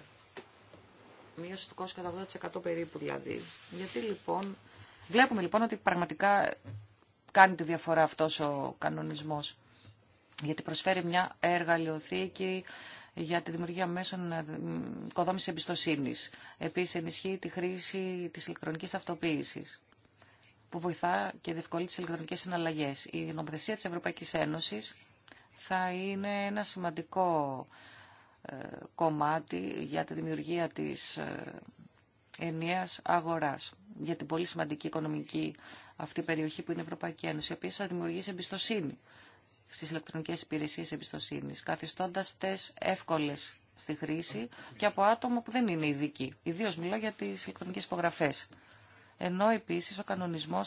Μείωση του κόστου κατά 80% περίπου δηλαδή. Γιατί λοιπόν, βλέπουμε λοιπόν ότι πραγματικά κάνει τη διαφορά αυτός ο κανονισμός. Γιατί προσφέρει μια εργαλειοθήκη για τη δημιουργία μέσων ε, οικοδόμησης εμπιστοσύνη, Επίσης, ενισχύει τη χρήση της ηλεκτρονικής ταυτοποίηση, που βοηθά και διευκολύνει τι ηλεκτρονικές συναλλαγές. Η νομοθεσία της Ευρωπαϊκής Ένωσης θα είναι ένα σημαντικό ε, κομμάτι για τη δημιουργία της ε, ενιαίας αγοράς για την πολύ σημαντική οικονομική αυτή περιοχή που είναι η Ευρωπαϊκή Ένωση, η οποία θα δημιουργήσει εμπιστοσύνη στις ηλεκτρονικές υπηρεσίες εμπιστοσύνης, καθιστώντας τες εύκολες στη χρήση και από άτομα που δεν είναι ειδικοί. Ιδίω μιλώ για τις ηλεκτρονικές υπογραφές. Ενώ επίση ο κανονισμό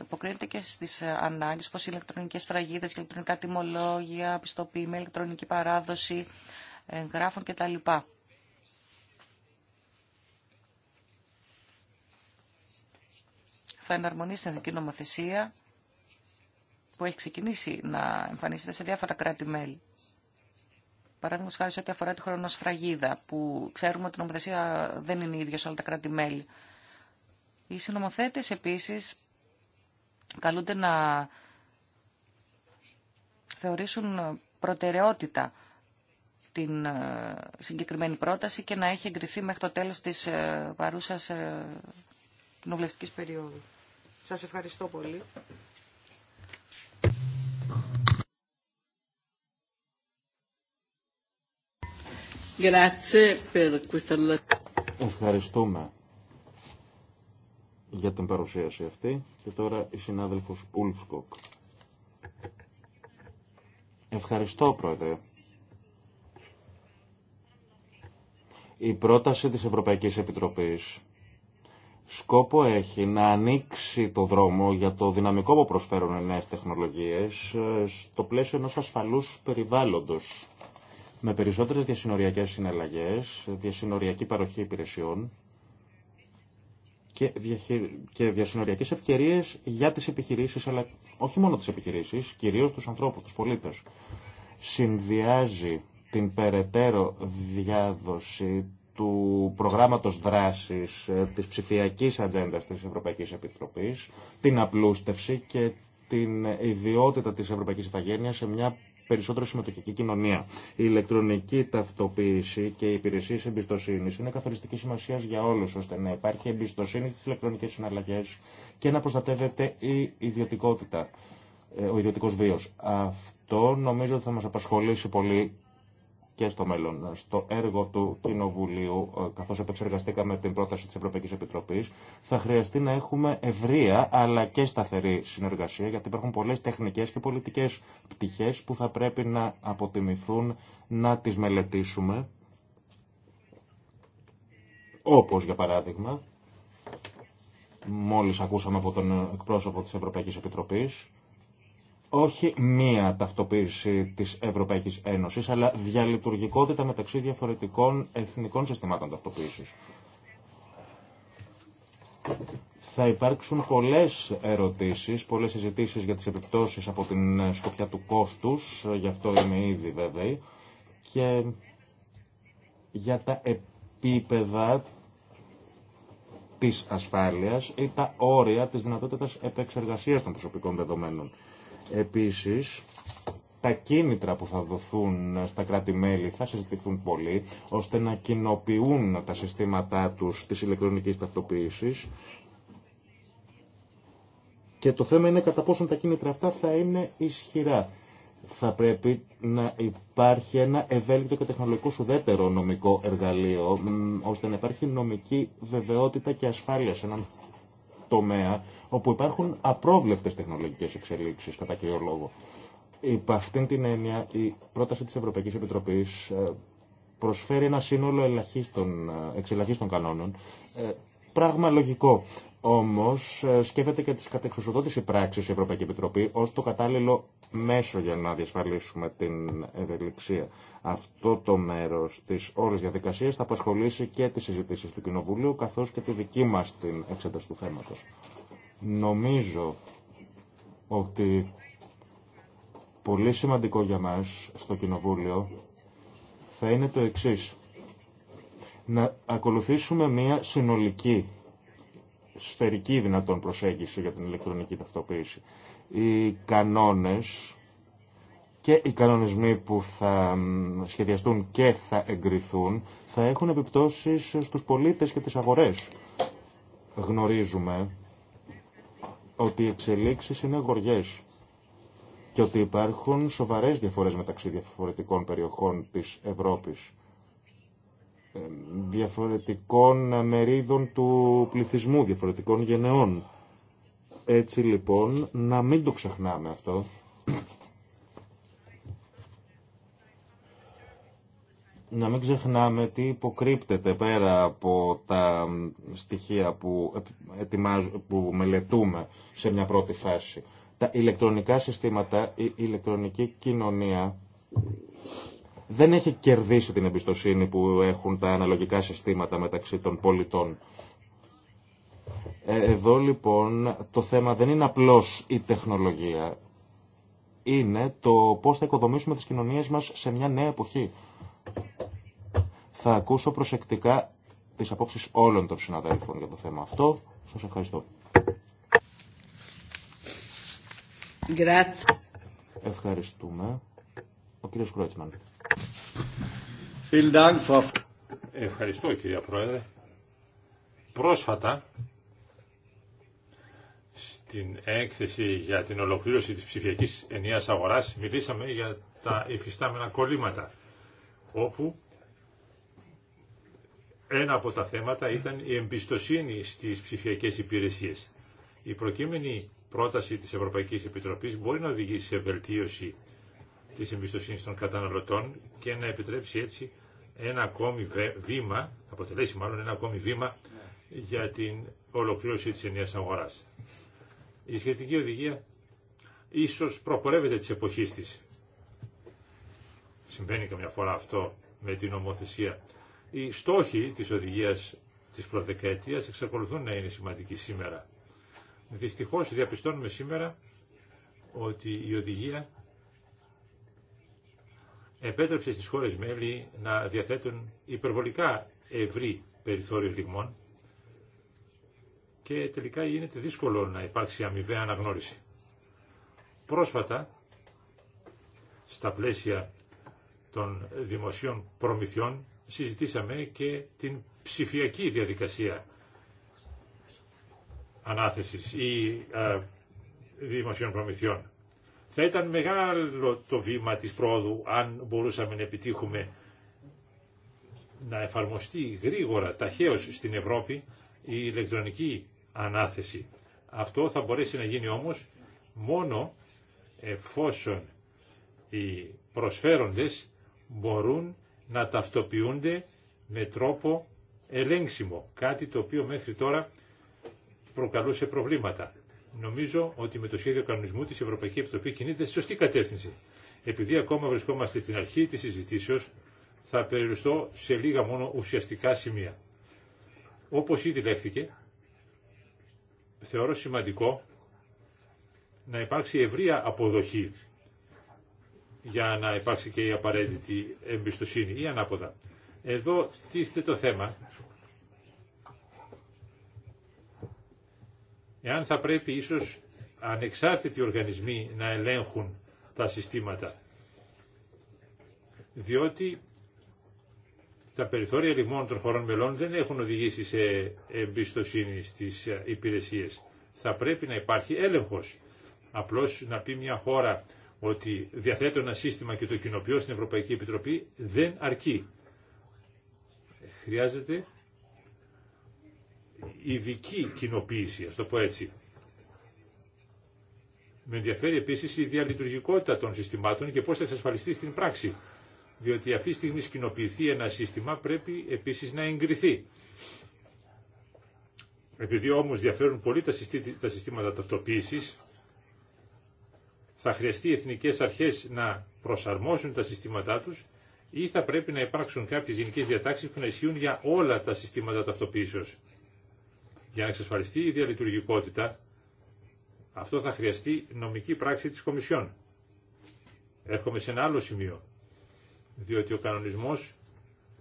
αποκρίνεται και στι ανάγκε όπω οι ηλεκτρονικέ φραγίδε, ηλεκτρονικά τιμολόγια, πιστοποίημα, ηλεκτρονική παράδοση γράφων κτλ. Θα εναρμονίσει την εθνική νομοθεσία που έχει ξεκινήσει να εμφανίζεται σε διάφορα κράτη-μέλη. Παράδειγμα χάρη σε ό,τι αφορά τη χρονοσφραγίδα, που ξέρουμε ότι η νομοθεσία δεν είναι ίδια σε όλα τα κράτη-μέλη. Οι συνομοθέτες επίσης καλούνται να θεωρήσουν προτεραιότητα την ε, συγκεκριμένη πρόταση και να έχει εγκριθεί μέχρι το τέλος της ε, παρούσας ε, κοινοβουλευτική περίοδου. Σας ευχαριστώ πολύ. Ευχαριστούμε για την παρουσίαση αυτή και τώρα η συνάδελφος Ούλφκοκ. Ευχαριστώ πρόεδρε. Η πρόταση της Ευρωπαϊκής Επιτροπής σκόπο έχει να ανοίξει το δρόμο για το δυναμικό που προσφέρουν οι νέες τεχνολογίες ε, στο πλαίσιο ενός ασφαλούς περιβάλλοντος με περισσότερες διασυνοριακές συναλλαγές, διασυνοριακή παροχή υπηρεσιών και, διαχει... και διασυνοριακές ευκαιρίες για τις επιχειρήσεις, αλλά όχι μόνο τις επιχειρήσεις, κυρίως τους ανθρώπους, τους πολίτες. Συνδυάζει την περαιτέρω διάδοση του προγράμματος δράσης ε, της ψηφιακής ατζέντα της Ευρωπαϊκής Επιτροπής, την απλούστευση και την ε, ιδιότητα της Ευρωπαϊκής Ιθαγένειας σε μια περισσότερο συμμετοχική κοινωνία. Η ηλεκτρονική ταυτοποίηση και οι υπηρεσίε εμπιστοσύνη είναι καθοριστική σημασία για όλου, ώστε να υπάρχει εμπιστοσύνη στι ηλεκτρονικέ συναλλαγέ και να προστατεύεται η ιδιωτικότητα, ε, ο ιδιωτικό βίο. Αυτό νομίζω ότι θα μα απασχολήσει πολύ και στο μέλλον. Στο έργο του Κοινοβουλίου, ε, καθώ επεξεργαστήκαμε την πρόταση τη Ευρωπαϊκή Επιτροπή, θα χρειαστεί να έχουμε ευρεία αλλά και σταθερή συνεργασία, γιατί υπάρχουν πολλέ τεχνικέ και πολιτικέ πτυχέ που θα πρέπει να αποτιμηθούν, να τι μελετήσουμε. Όπως για παράδειγμα, μόλις ακούσαμε από τον εκπρόσωπο της Ευρωπαϊκής Επιτροπής, όχι μία ταυτοποίηση της Ευρωπαϊκής Ένωσης, αλλά διαλειτουργικότητα μεταξύ διαφορετικών εθνικών συστημάτων ταυτοποίησης. Θα υπάρξουν πολλές ερωτήσεις, πολλές συζητήσεις για τις επιπτώσεις από την σκοπιά του κόστους, γι' αυτό είμαι ήδη βέβαιη, και για τα επίπεδα της ασφάλειας ή τα όρια της δυνατότητας επεξεργασίας των προσωπικών δεδομένων. Επίσης, τα κίνητρα που θα δοθούν στα κράτη-μέλη θα συζητηθούν πολύ, ώστε να κοινοποιούν τα συστήματά τους της ηλεκτρονικής ταυτοποίησης. Και το θέμα είναι κατά πόσον τα κίνητρα αυτά θα είναι ισχυρά. Θα πρέπει να υπάρχει ένα ευέλικτο και τεχνολογικό σουδέτερο νομικό εργαλείο, ώστε να υπάρχει νομική βεβαιότητα και ασφάλεια σε έναν τομέα όπου υπάρχουν απρόβλεπτες τεχνολογικές εξελίξεις κατά κύριο λόγο. Υπ' αυτήν την έννοια η πρόταση της Ευρωπαϊκής Επιτροπής ε, προσφέρει ένα σύνολο ελαχίστων, ε, εξελαχίστων κανόνων, ε, πράγμα λογικό. Όμω, ε, σκέφτεται και τι κατεξουσιοδότηση πράξεις η Ευρωπαϊκή Επιτροπή ω το κατάλληλο μέσο για να διασφαλίσουμε την ευελιξία. Αυτό το μέρος τη όλη διαδικασία θα απασχολήσει και τις συζητήσει του Κοινοβουλίου καθώς και τη δική μας την εξέταση του θέματος. Νομίζω ότι πολύ σημαντικό για μας στο Κοινοβούλιο θα είναι το εξή. Να ακολουθήσουμε μία συνολική σφαιρική δυνατόν προσέγγιση για την ηλεκτρονική ταυτοποίηση. Οι κανόνες και οι κανονισμοί που θα σχεδιαστούν και θα εγκριθούν θα έχουν επιπτώσεις στους πολίτες και τις αγορές. Γνωρίζουμε ότι οι εξελίξεις είναι αγοριές και ότι υπάρχουν σοβαρές διαφορές μεταξύ διαφορετικών περιοχών της Ευρώπης διαφορετικών μερίδων του πληθυσμού, διαφορετικών γενεών. Έτσι λοιπόν, να μην το ξεχνάμε αυτό. Να μην ξεχνάμε τι υποκρύπτεται πέρα από τα στοιχεία που, που μελετούμε σε μια πρώτη φάση. Τα ηλεκτρονικά συστήματα, η ηλεκτρονική κοινωνία δεν έχει κερδίσει την εμπιστοσύνη που έχουν τα αναλογικά συστήματα μεταξύ των πολιτών. Ε, εδώ λοιπόν το θέμα δεν είναι απλώς η τεχνολογία. Είναι το πώς θα οικοδομήσουμε τις κοινωνίες μας σε μια νέα εποχή. Θα ακούσω προσεκτικά τις απόψεις όλων των συναδέλφων για το θέμα αυτό. Σας ευχαριστώ. Ευχαριστούμε. Ο κύριος Κρότσμαν. Ευχαριστώ κυρία Πρόεδρε. Πρόσφατα στην έκθεση για την ολοκλήρωση της ψηφιακής ενία αγοράς μιλήσαμε για τα υφιστάμενα κολλήματα όπου ένα από τα θέματα ήταν η εμπιστοσύνη στις ψηφιακές υπηρεσίες. Η προκείμενη πρόταση της Ευρωπαϊκής Επιτροπής μπορεί να οδηγήσει σε βελτίωση τη εμπιστοσύνη των καταναλωτών και να επιτρέψει έτσι ένα ακόμη βήμα, αποτελέσει μάλλον ένα ακόμη βήμα για την ολοκλήρωση της ενιαίας αγοράς. Η σχετική οδηγία ίσως προπορεύεται της εποχής της. Συμβαίνει καμιά φορά αυτό με την ομοθεσία. Οι στόχοι της οδηγίας της προδεκαετίας εξακολουθούν να είναι σημαντικοί σήμερα. Δυστυχώς διαπιστώνουμε σήμερα ότι η οδηγία επέτρεψε στις χώρες μέλη να διαθέτουν υπερβολικά ευρύ περιθώριο λιγμών και τελικά γίνεται δύσκολο να υπάρξει αμοιβαία αναγνώριση. Πρόσφατα, στα πλαίσια των δημοσίων προμηθειών, συζητήσαμε και την ψηφιακή διαδικασία ανάθεσης ή δημοσίων προμηθειών. Θα ήταν μεγάλο το βήμα της πρόοδου αν μπορούσαμε να επιτύχουμε να εφαρμοστεί γρήγορα, ταχαίως στην Ευρώπη η ηλεκτρονική ανάθεση. Αυτό θα μπορέσει να γίνει όμως μόνο εφόσον οι προσφέροντες μπορούν να ταυτοποιούνται με τρόπο ελέγξιμο, κάτι το οποίο μέχρι τώρα προκαλούσε προβλήματα νομίζω ότι με το σχέδιο κανονισμού της Ευρωπαϊκή Επιτροπή κινείται στη σωστή κατεύθυνση. Επειδή ακόμα βρισκόμαστε στην αρχή της συζητήσεω, θα περιοριστώ σε λίγα μόνο ουσιαστικά σημεία. Όπως ήδη λέχθηκε, θεωρώ σημαντικό να υπάρξει ευρεία αποδοχή για να υπάρξει και η απαραίτητη εμπιστοσύνη ή ανάποδα. Εδώ τίθεται το θέμα εάν θα πρέπει ίσως ανεξάρτητοι οργανισμοί να ελέγχουν τα συστήματα. Διότι τα περιθώρια λιμών των χωρών μελών δεν έχουν οδηγήσει σε εμπιστοσύνη στις υπηρεσίες. Θα πρέπει να υπάρχει έλεγχος. Απλώς να πει μια χώρα ότι διαθέτω ένα σύστημα και το κοινοποιώ στην Ευρωπαϊκή Επιτροπή δεν αρκεί. Χρειάζεται ειδική κοινοποίηση, α το πω έτσι. Με ενδιαφέρει επίση η διαλειτουργικότητα των συστημάτων και πώ θα εξασφαλιστεί στην πράξη. Διότι αυτή τη στιγμή σκηνοποιηθεί ένα σύστημα πρέπει επίση να εγκριθεί. Επειδή όμω διαφέρουν πολύ τα συστήματα ταυτοποίηση, θα χρειαστεί οι εθνικέ αρχέ να προσαρμόσουν τα συστήματά του ή θα πρέπει να υπάρξουν κάποιε γενικέ διατάξει που να ισχύουν για όλα τα συστήματα ταυτοποίησης. Για να εξασφαλιστεί η διαλειτουργικότητα, αυτό θα χρειαστεί νομική πράξη της Κομισιόν. Έρχομαι σε ένα άλλο σημείο, διότι ο κανονισμός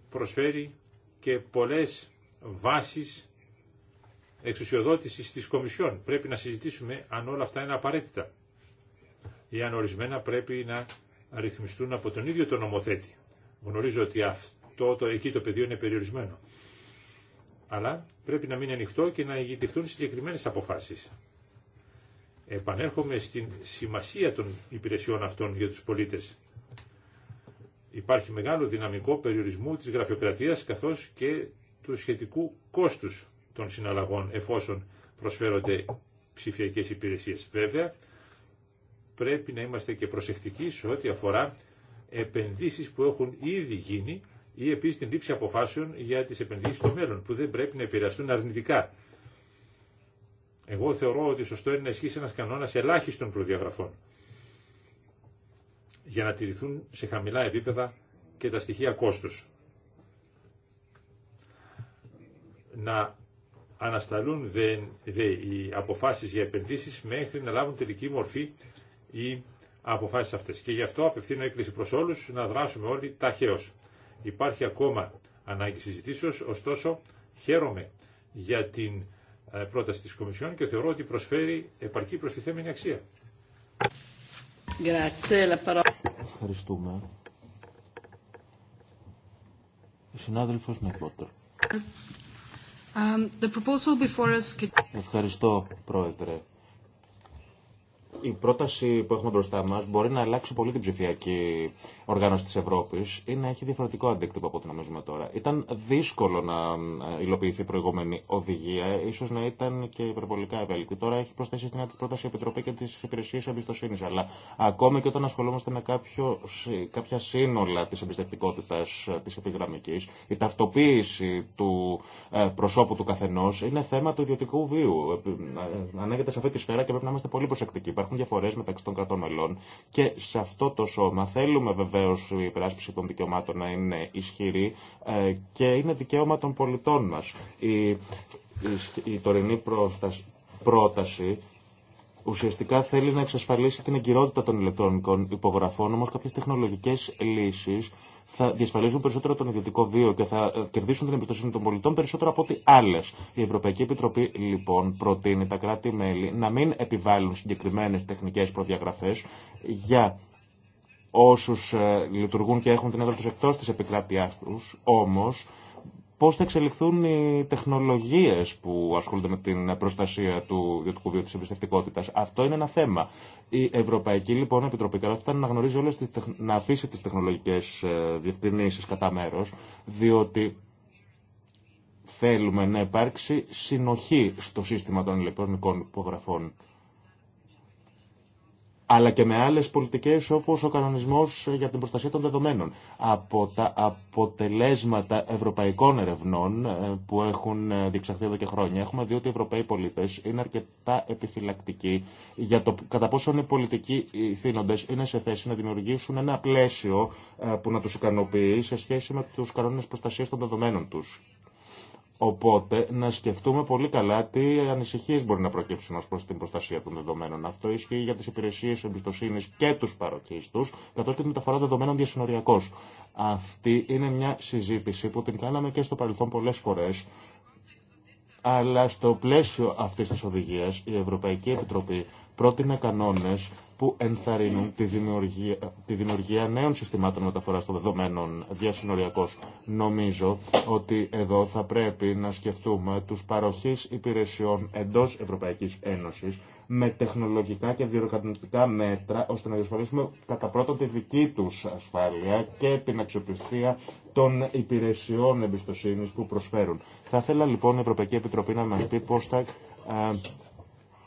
προσφέρει και πολλές βάσεις εξουσιοδότησης της Κομισιόν. Πρέπει να συζητήσουμε αν όλα αυτά είναι απαραίτητα ή αν ορισμένα πρέπει να ρυθμιστούν από τον ίδιο τον νομοθέτη. Γνωρίζω ότι αυτό το, εκεί το πεδίο είναι περιορισμένο αλλά πρέπει να μείνει ανοιχτό και να ηγητηθούν συγκεκριμένες αποφάσεις. Επανέρχομαι στην σημασία των υπηρεσιών αυτών για τους πολίτες. Υπάρχει μεγάλο δυναμικό περιορισμού της γραφειοκρατίας καθώς και του σχετικού κόστους των συναλλαγών εφόσον προσφέρονται ψηφιακέ υπηρεσίες. Βέβαια, πρέπει να είμαστε και προσεκτικοί σε ό,τι αφορά επενδύσεις που έχουν ήδη γίνει ή επίση την λήψη αποφάσεων για τις επενδύσεις στο μέλλον, που δεν πρέπει να επηρεαστούν αρνητικά. Εγώ θεωρώ ότι σωστό είναι να ισχύσει ένας κανόνας ελάχιστων προδιαγραφών για να τηρηθούν σε χαμηλά επίπεδα και τα στοιχεία κόστους. Να ανασταλούν δε, δε, οι αποφάσεις για επενδύσεις μέχρι να λάβουν τελική μορφή οι αποφάσεις αυτές. Και γι' αυτό απευθύνω έκκληση προς όλους να δράσουμε όλοι ταχαίως. Υπάρχει ακόμα ανάγκη συζητήσεω. ωστόσο χαίρομαι για την ε, πρόταση τη Κομισιόν και θεωρώ ότι προσφέρει επαρκή προστιθέμενη αξία. Ευχαριστούμε. Ο Νεκότερ. Um, the proposal before us... Ευχαριστώ, Πρόεδρε η πρόταση που έχουμε μπροστά μα μπορεί να αλλάξει πολύ την ψηφιακή οργάνωση τη Ευρώπη ή να έχει διαφορετικό αντίκτυπο από ό,τι νομίζουμε τώρα. Ήταν δύσκολο να ε, υλοποιηθεί η προηγούμενη οδηγία, ίσω να ήταν και υπερβολικά ευέλικτη. Τώρα έχει προσθέσει στην πρόταση Επιτροπή και τι υπηρεσίε εμπιστοσύνη. Αλλά ακόμη και όταν ασχολούμαστε με κάποιο, κάποια σύνολα τη εμπιστευτικότητα ε, τη επιγραμμική, η ταυτοποίηση του ε, προσώπου του καθενό είναι θέμα του ιδιωτικού βίου. Ανέγεται σε αυτή τη σφαίρα και πρέπει να είμαστε πολύ προσεκτικοί υπάρχουν διαφορέ μεταξύ των κρατών μελών και σε αυτό το σώμα θέλουμε βεβαίω η υπεράσπιση των δικαιωμάτων να είναι ισχυρή ε, και είναι δικαίωμα των πολιτών μα. Η, η, η τωρινή πρόταση ουσιαστικά θέλει να εξασφαλίσει την εγκυρότητα των ηλεκτρονικών υπογραφών, όμω κάποιε τεχνολογικές λύσεις θα διασφαλίζουν περισσότερο τον ιδιωτικό βίο και θα ε, κερδίσουν την εμπιστοσύνη των πολιτών περισσότερο από ό,τι άλλε. Η Ευρωπαϊκή Επιτροπή λοιπόν προτείνει τα κράτη-μέλη να μην επιβάλλουν συγκεκριμένε τεχνικέ προδιαγραφέ για όσου ε, λειτουργούν και έχουν την έδρα του εκτό τη επικράτειά του, όμω πώς θα εξελιχθούν οι τεχνολογίες που ασχολούνται με την προστασία του ιδιωτικού βίου τη εμπιστευτικότητα. Αυτό είναι ένα θέμα. Η Ευρωπαϊκή λοιπόν Επιτροπή καλό θα να γνωρίζει όλες να αφήσει τις τεχνολογικέ ε, διευκρινήσει κατά μέρο, διότι θέλουμε να υπάρξει συνοχή στο σύστημα των ηλεκτρονικών υπογραφών αλλά και με άλλες πολιτικές όπως ο κανονισμός για την προστασία των δεδομένων. Από τα αποτελέσματα ευρωπαϊκών ερευνών ε, που έχουν ε, διεξαχθεί εδώ και χρόνια έχουμε δει ότι οι Ευρωπαίοι πολίτες είναι αρκετά επιφυλακτικοί για το κατά πόσο οι πολιτικοί θύνοντες είναι σε θέση να δημιουργήσουν ένα πλαίσιο ε, που να τους ικανοποιεί σε σχέση με τους κανόνες προστασίας των δεδομένων τους Οπότε να σκεφτούμε πολύ καλά τι ανησυχίε μπορεί να προκύψουν ω προ την προστασία των δεδομένων. Αυτό ισχύει για τι υπηρεσίε εμπιστοσύνη και του παροχή του, καθώ και την μεταφορά δεδομένων διασυνοριακώ. Αυτή είναι μια συζήτηση που την κάναμε και στο παρελθόν πολλέ φορέ. Αλλά στο πλαίσιο αυτή τη οδηγία η Ευρωπαϊκή Επιτροπή πρότεινε κανόνε που ενθαρρύνουν τη δημιουργία, τη νέων συστημάτων μεταφοράς των δεδομένων διασυνοριακώ. Νομίζω ότι εδώ θα πρέπει να σκεφτούμε τους παροχή υπηρεσιών εντό Ευρωπαϊκής Ένωσης με τεχνολογικά και διοργανωτικά μέτρα ώστε να διασφαλίσουμε κατά πρώτον τη δική τους ασφάλεια και την αξιοπιστία των υπηρεσιών εμπιστοσύνης που προσφέρουν. Θα ήθελα λοιπόν η Ευρωπαϊκή Επιτροπή να μας πει πώς θα ε,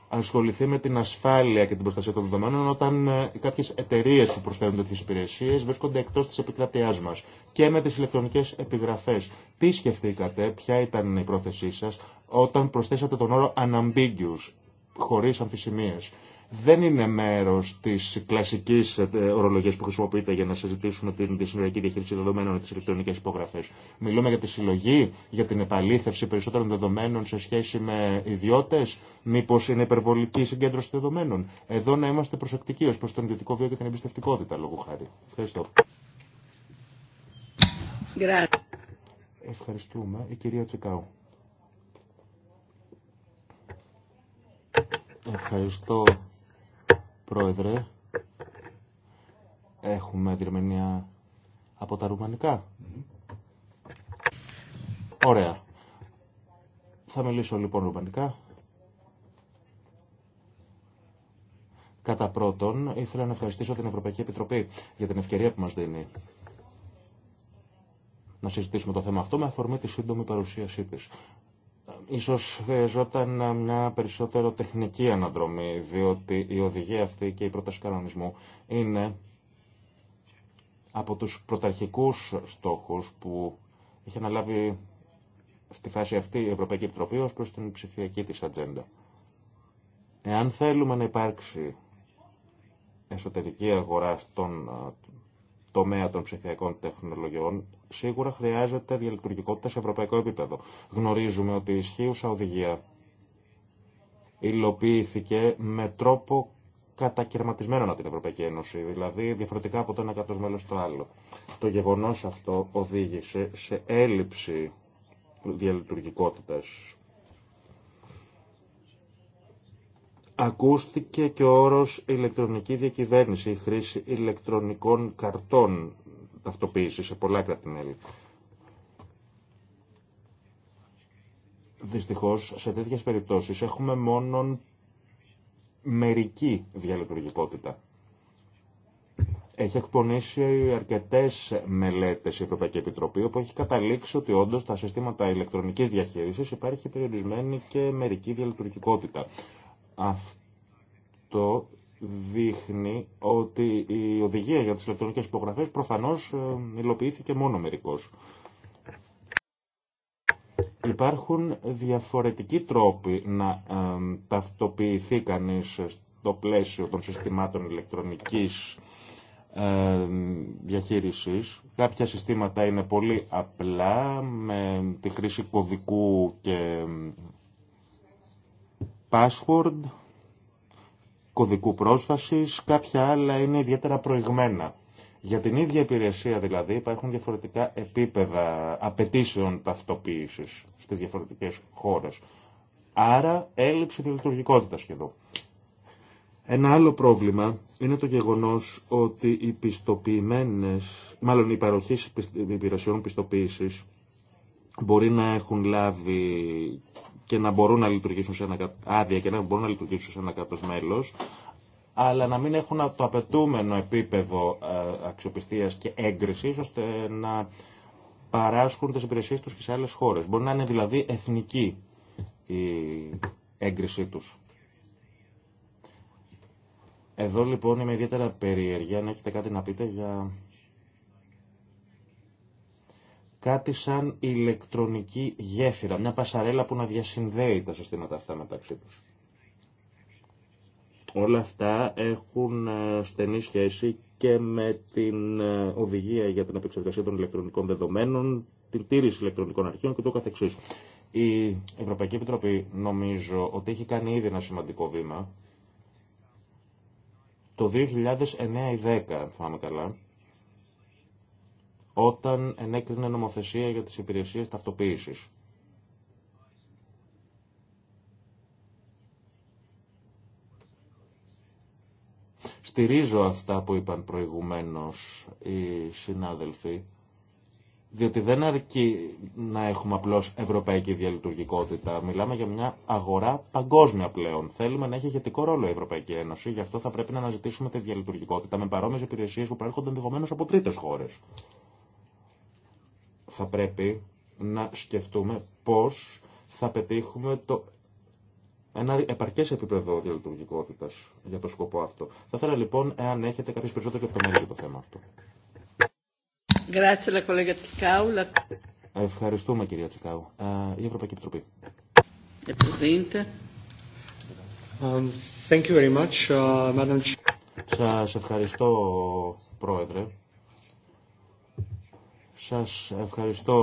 ασχοληθεί με την ασφάλεια και την προστασία των δεδομένων όταν ε, κάποιε εταιρείε που προσθέτουν τέτοιε υπηρεσίε βρίσκονται εκτό τη επικρατειά μα και με τι ηλεκτρονικέ επιγραφέ. Τι σκεφτήκατε, ποια ήταν η πρόθεσή σα όταν προσθέσατε τον όρο unambiguous, χωρί αμφισημίες δεν είναι μέρο τη κλασική ε, ορολογία που χρησιμοποιείται για να συζητήσουμε την συνολική διαχείριση δεδομένων και τι ηλεκτρονικέ υπογραφέ. Μιλούμε για τη συλλογή, για την επαλήθευση περισσότερων δεδομένων σε σχέση με ιδιώτε. Μήπω είναι υπερβολική συγκέντρωση δεδομένων. Εδώ να είμαστε προσεκτικοί ω προ τον ιδιωτικό βίο και την εμπιστευτικότητα, λόγω χάρη. Ευχαριστώ. Ευχαριστούμε. Η κυρία Τσεκάου. Ευχαριστώ Πρόεδρε, έχουμε διερμηνία από τα ρουμανικά. Mm-hmm. Ωραία. Θα μιλήσω λοιπόν ρουμανικά. Κατά πρώτον, ήθελα να ευχαριστήσω την Ευρωπαϊκή Επιτροπή για την ευκαιρία που μας δίνει να συζητήσουμε το θέμα αυτό με αφορμή τη σύντομη παρουσίασή της. Ίσως χρειαζόταν μια περισσότερο τεχνική αναδρομή, διότι η οδηγία αυτή και η πρόταση κανονισμού είναι από τους πρωταρχικούς στόχους που είχε αναλάβει στη φάση αυτή η Ευρωπαϊκή Επιτροπή ως προς την ψηφιακή της ατζέντα. Εάν θέλουμε να υπάρξει εσωτερική αγορά στον ε, τομέα των ψηφιακών τεχνολογιών, σίγουρα χρειάζεται διαλειτουργικότητα σε ευρωπαϊκό επίπεδο. Γνωρίζουμε ότι η ισχύουσα οδηγία υλοποιήθηκε με τρόπο κατακαιρματισμένο από την Ευρωπαϊκή Ένωση, δηλαδή διαφορετικά από το ένα κάτω μέλο στο άλλο. Το γεγονό αυτό οδήγησε σε έλλειψη διαλειτουργικότητα. Ακούστηκε και ο όρος ηλεκτρονική διακυβέρνηση, η χρήση ηλεκτρονικών καρτών ταυτοποίηση σε πολλά κράτη-μέλη. Δυστυχώς, σε τέτοιες περιπτώσεις έχουμε μόνο μερική διαλειτουργικότητα. Έχει εκπονήσει αρκετέ μελέτε η Ευρωπαϊκή Επιτροπή, όπου έχει καταλήξει ότι όντω τα συστήματα ηλεκτρονική διαχείριση υπάρχει περιορισμένη και μερική διαλειτουργικότητα. Αυτό δείχνει ότι η οδηγία για τις ηλεκτρονικές υπογραφές προφανώς ε, υλοποιήθηκε μόνο μερικώς. Υπάρχουν διαφορετικοί τρόποι να ε, ταυτοποιηθεί κανείς στο πλαίσιο των συστημάτων ηλεκτρονικής ε, διαχείρισης. Κάποια συστήματα είναι πολύ απλά με τη χρήση κωδικού και password κωδικού πρόσφασης, κάποια άλλα είναι ιδιαίτερα προηγμένα. Για την ίδια υπηρεσία δηλαδή υπάρχουν διαφορετικά επίπεδα απαιτήσεων ταυτοποίησης στις διαφορετικές χώρες. Άρα έλλειψη λειτουργικότητας και εδώ. Ένα άλλο πρόβλημα είναι το γεγονός ότι οι πιστοποιημένες, μάλλον οι παροχές υπηρεσιών πιστοποίησης μπορεί να έχουν λάβει και να μπορούν να λειτουργήσουν σε ένα, άδεια και να μπορούν να λειτουργήσουν σε ένα μέλο. αλλά να μην έχουν το απαιτούμενο επίπεδο ε, αξιοπιστίας και έγκριση ώστε να παράσχουν τις υπηρεσίες τους και σε άλλες χώρες. Μπορεί να είναι δηλαδή εθνική η έγκρισή τους. Εδώ λοιπόν είμαι ιδιαίτερα περίεργη αν έχετε κάτι να πείτε για κάτι σαν ηλεκτρονική γέφυρα, μια πασαρέλα που να διασυνδέει τα συστήματα αυτά μεταξύ τους. Όλα αυτά έχουν ε, στενή σχέση και με την ε, οδηγία για την επεξεργασία των ηλεκτρονικών δεδομένων, την τήρηση ηλεκτρονικών αρχείων και το καθεξής. Η Ευρωπαϊκή Επιτροπή νομίζω ότι έχει κάνει ήδη ένα σημαντικό βήμα. Το 2009 ή 10, αν καλά, όταν ενέκρινε νομοθεσία για τις υπηρεσίες ταυτοποίησης. Στηρίζω αυτά που είπαν προηγουμένως οι συνάδελφοι, διότι δεν αρκεί να έχουμε απλώς ευρωπαϊκή διαλειτουργικότητα. Μιλάμε για μια αγορά παγκόσμια πλέον. Θέλουμε να έχει ηγετικό ρόλο η Ευρωπαϊκή Ένωση, γι' αυτό θα πρέπει να αναζητήσουμε τη διαλειτουργικότητα με παρόμοιες υπηρεσίες που προέρχονται ενδεχομένω από τρίτες χώρες θα πρέπει να σκεφτούμε πώς θα πετύχουμε το ένα επαρκέ επίπεδο διαλειτουργικότητα για το σκοπό αυτό. Θα ήθελα λοιπόν, εάν έχετε κάποιε περισσότερε λεπτομέρειε για το θέμα αυτό. Ευχαριστούμε, κυρία Τσικάου. Ε, η Ευρωπαϊκή Επιτροπή. Ε, um, thank uh, ευχαριστώ, Πρόεδρε. Σας ευχαριστώ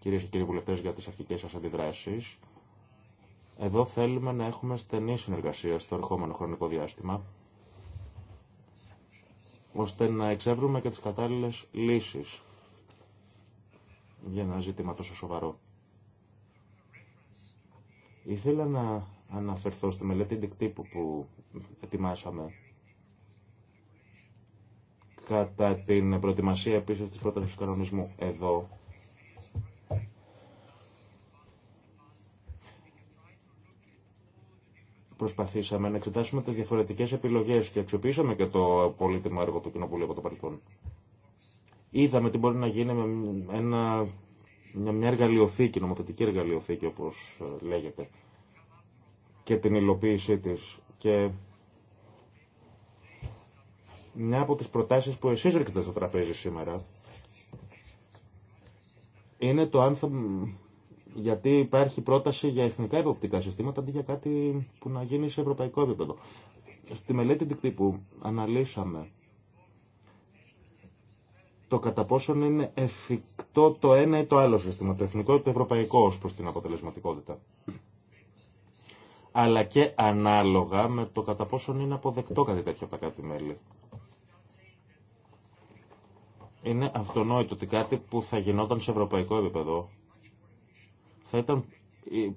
κύριε και κύριοι βουλευτές για τις αρχικές σας αντιδράσεις. Εδώ θέλουμε να έχουμε στενή συνεργασία στο ερχόμενο χρονικό διάστημα, ώστε να εξεύρουμε και τις κατάλληλες λύσεις για ένα ζήτημα τόσο σοβαρό. Ήθελα να αναφερθώ στη μελέτη τύπου που ετοιμάσαμε κατά την προετοιμασία επίσης της πρόταση του κανονισμού εδώ. Προσπαθήσαμε να εξετάσουμε τις διαφορετικές επιλογές και αξιοποιήσαμε και το πολύτιμο έργο του Κοινοβουλίου από το παρελθόν. Είδαμε τι μπορεί να γίνει με μια, μια εργαλειοθήκη, νομοθετική εργαλειοθήκη όπως ε, λέγεται και την υλοποίησή της και μια από τις προτάσεις που εσείς ρίξετε στο τραπέζι σήμερα είναι το αν θα... γιατί υπάρχει πρόταση για εθνικά υποπτικά συστήματα αντί για κάτι που να γίνει σε ευρωπαϊκό επίπεδο. Στη μελέτη δικτύπου αναλύσαμε το κατά πόσον είναι εφικτό το ένα ή το άλλο σύστημα, το εθνικό ή το ευρωπαϊκό ως προς την αποτελεσματικότητα. Αλλά και ανάλογα με το κατά πόσον είναι αποδεκτό κάτι τέτοιο από τα κράτη-μέλη. Είναι αυτονόητο ότι κάτι που θα γινόταν σε ευρωπαϊκό επίπεδο θα ήταν ε,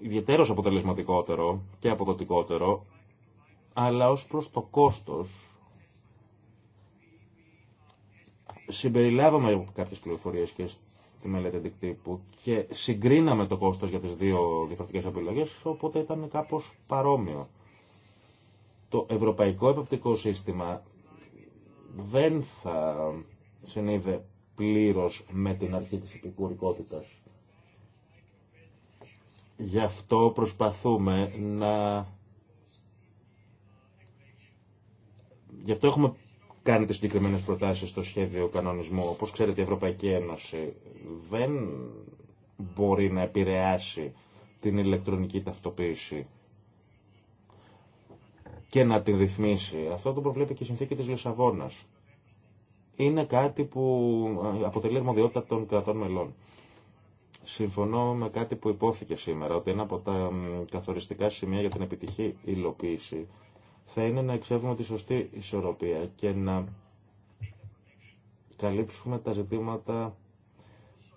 ιδιαίτερος αποτελεσματικότερο και αποδοτικότερο, αλλά ως προς το κόστος συμπεριλάβαμε κάποιες πληροφορίες και στη μελέτη αντικτύπου και συγκρίναμε το κόστος για τις δύο διαφορετικές επιλογές, οπότε ήταν κάπως παρόμοιο. Το ευρωπαϊκό επαπτικό σύστημα δεν θα συνείδε πλήρως με την αρχή της επικουρικότητας. Γι' αυτό προσπαθούμε να... Γι' αυτό έχουμε κάνει τις συγκεκριμένες προτάσεις στο σχέδιο κανονισμού. Όπως ξέρετε η Ευρωπαϊκή Ένωση δεν μπορεί να επηρεάσει την ηλεκτρονική ταυτοποίηση και να την ρυθμίσει. Αυτό το προβλέπει και η συνθήκη της Λισαβόνας είναι κάτι που ε, αποτελεί αρμοδιότητα των κρατών μελών. Συμφωνώ με κάτι που υπόθηκε σήμερα, ότι ένα από τα καθοριστικά σημεία για την επιτυχή υλοποίηση θα είναι να εξεύρουμε τη σωστή ισορροπία και να καλύψουμε τα ζητήματα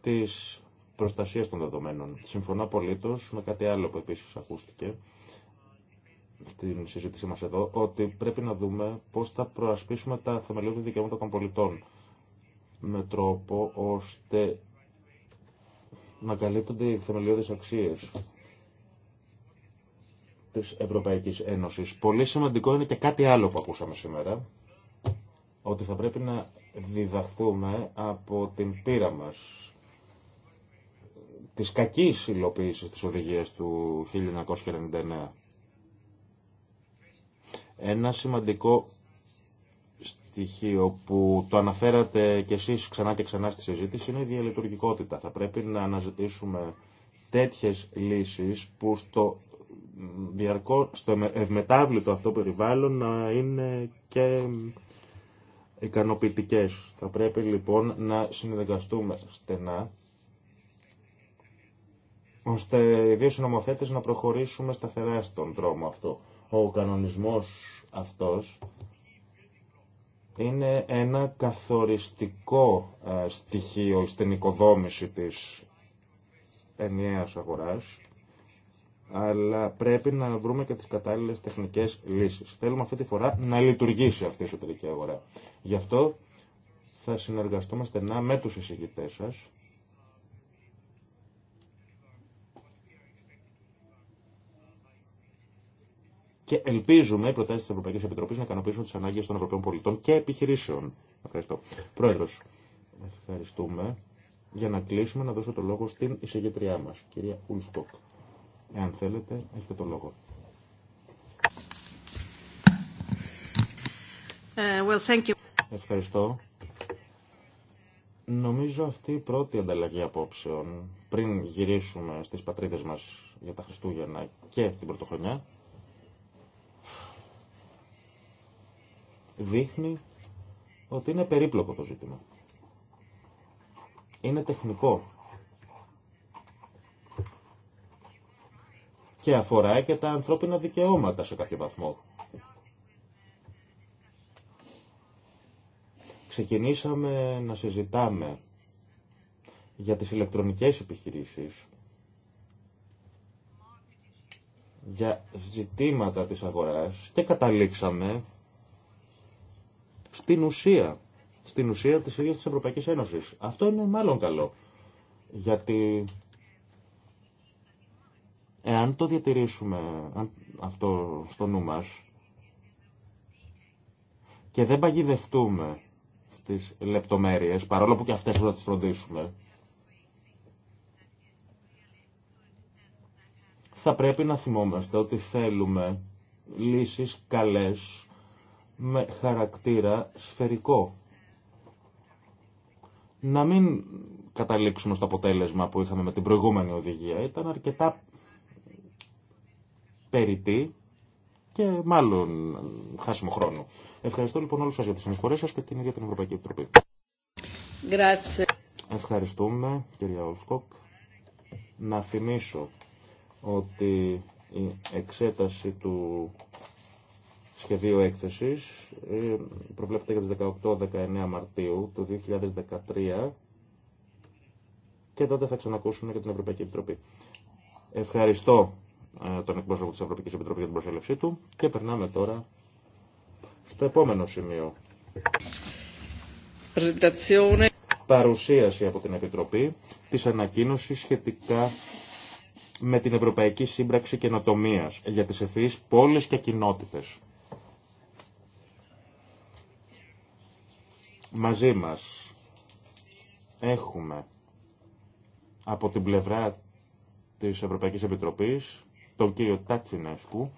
της προστασίας των δεδομένων. Συμφωνώ απολύτως με κάτι άλλο που επίσης ακούστηκε, την συζήτησή μα εδώ, ότι πρέπει να δούμε πώς θα προασπίσουμε τα θεμελιώδη δικαιώματα των πολιτών με τρόπο ώστε να καλύπτονται οι θεμελιώδεις αξίες της Ευρωπαϊκής Ένωσης. Πολύ σημαντικό είναι και κάτι άλλο που ακούσαμε σήμερα, ότι θα πρέπει να διδαχθούμε από την πείρα μας της κακής υλοποίησης της οδηγίας του 1999. Ένα σημαντικό στοιχείο που το αναφέρατε κι εσείς ξανά και ξανά στη συζήτηση είναι η διαλειτουργικότητα. Θα πρέπει να αναζητήσουμε τέτοιες λύσεις που στο, διαρκώ, στο ευμετάβλητο αυτό περιβάλλον να είναι και ικανοποιητικές. Θα πρέπει λοιπόν να συνεργαστούμε στενά ώστε οι δύο συνομοθέτες να προχωρήσουμε σταθερά στον δρόμο αυτό. Ο κανονισμός αυτός είναι ένα καθοριστικό ε, στοιχείο στην οικοδόμηση της ενιαίας αγοράς, αλλά πρέπει να βρούμε και τις κατάλληλες τεχνικές λύσεις. Θέλουμε αυτή τη φορά να λειτουργήσει αυτή η εσωτερική αγορά. Γι' αυτό θα συνεργαστούμε στενά με τους εισηγητές σας και ελπίζουμε οι προτάσει τη Ευρωπαϊκή Επιτροπή να ικανοποιήσουν τι ανάγκε των Ευρωπαίων πολιτών και επιχειρήσεων. Ευχαριστώ. Πρόεδρο, ευχαριστούμε. Για να κλείσουμε, να δώσω το λόγο στην εισηγητριά μα, κυρία Ουλφκοκ. Εάν θέλετε, έχετε το λόγο. Ε, well, thank you. Ευχαριστώ. Νομίζω αυτή η πρώτη ανταλλαγή απόψεων πριν γυρίσουμε στις πατρίδες μας για τα Χριστούγεννα και την Πρωτοχρονιά δείχνει ότι είναι περίπλοκο το ζήτημα. Είναι τεχνικό. Και αφορά και τα ανθρώπινα δικαιώματα σε κάποιο βαθμό. Ξεκινήσαμε να συζητάμε για τις ηλεκτρονικές επιχειρήσεις, για ζητήματα της αγοράς και καταλήξαμε στην ουσία, στην ουσία της ίδιας της Ευρωπαϊκής Ένωσης. Αυτό είναι μάλλον καλό, γιατί εάν το διατηρήσουμε αυτό στο νου μας και δεν παγιδευτούμε στις λεπτομέρειες, παρόλο που και αυτές θα να τις φροντίσουμε, θα πρέπει να θυμόμαστε ότι θέλουμε λύσεις καλές με χαρακτήρα σφαιρικό. Να μην καταλήξουμε στο αποτέλεσμα που είχαμε με την προηγούμενη οδηγία. Ήταν αρκετά περιττή και μάλλον χάσιμο χρόνο. Ευχαριστώ λοιπόν όλους σας για τις συνεισφορές σας και την ίδια την Ευρωπαϊκή Επιτροπή. Ευχαριστούμε κυρία Ολφκοκ. Να θυμίσω ότι η εξέταση του Σχεδίο έκθεσης ε, προβλέπεται για τις 18-19 Μαρτίου του 2013 και τότε θα ξανακούσουμε για την Ευρωπαϊκή Επιτροπή. Ευχαριστώ ε, τον εκπρόσωπο της Ευρωπαϊκής Επιτροπής για την προσέλευσή του και περνάμε τώρα στο επόμενο σημείο. Παρουσίαση από την Επιτροπή της ανακοίνωσης σχετικά με την Ευρωπαϊκή Σύμπραξη Καινοτομίας για τις ευθύς πόλεις και κοινότητες. μαζί μας έχουμε από την πλευρά της Ευρωπαϊκής Επιτροπής τον κύριο Τάτσινέσκου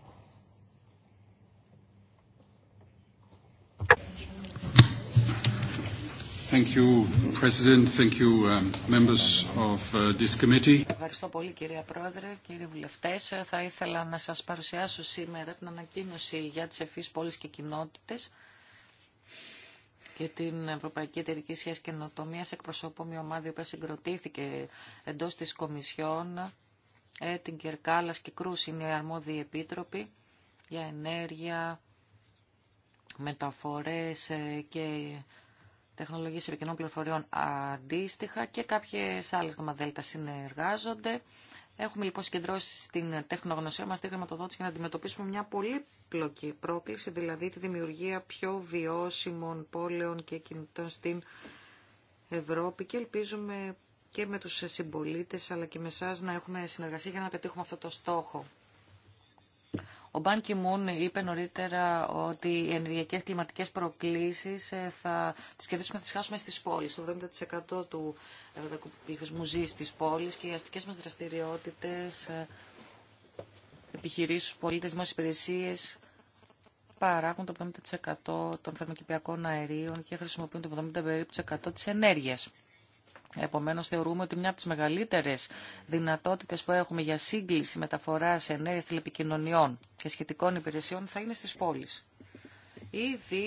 Thank you, President. Thank you, uh, members of uh, this committee. Ευχαριστώ πολύ κύριε Πρόεδρε, κύριοι βουλευτές. Θα ήθελα να σας παρουσιάσω σήμερα την ανακοίνωση για τις ευφύς πόλεις και κοινότητες και την Ευρωπαϊκή Εταιρική Σχέση Καινοτομία εκπροσωπώ μια ομάδα που συγκροτήθηκε εντό τη Κομισιόν. Ε, την Κερκάλα και Κρού είναι οι αρμόδιοι επίτροποι για ενέργεια, μεταφορέ ε, και τεχνολογίε επικοινών πληροφοριών αντίστοιχα και κάποιε άλλε γαμαδέλτα συνεργάζονται. Έχουμε λοιπόν συγκεντρώσει στην τεχνογνωσία μας τη χρηματοδότηση για να αντιμετωπίσουμε μια πολύπλοκη πρόκληση, δηλαδή τη δημιουργία πιο βιώσιμων πόλεων και κινητών στην Ευρώπη και ελπίζουμε και με τους συμπολίτε, αλλά και με εσά να έχουμε συνεργασία για να πετύχουμε αυτό το στόχο. Ο Μπάν Κιμούν είπε νωρίτερα ότι οι ενεργειακέ κλιματικέ προκλήσει ε, θα τι κερδίσουμε, θα τι χάσουμε στι πόλει. Το 70% του ευρωπαϊκού πληθυσμού ζει στι πόλει και οι αστικέ μα δραστηριότητε, ε, επιχειρήσει, πολίτε, δημόσιε υπηρεσίε παράγουν το 70% των θερμοκηπιακών αερίων και χρησιμοποιούν το 70% τη ενέργεια. Επομένως θεωρούμε ότι μια από τις μεγαλύτερες δυνατότητες που έχουμε για σύγκληση μεταφοράς ενέργειας τηλεπικοινωνιών και σχετικών υπηρεσιών θα είναι στις πόλεις. Ήδη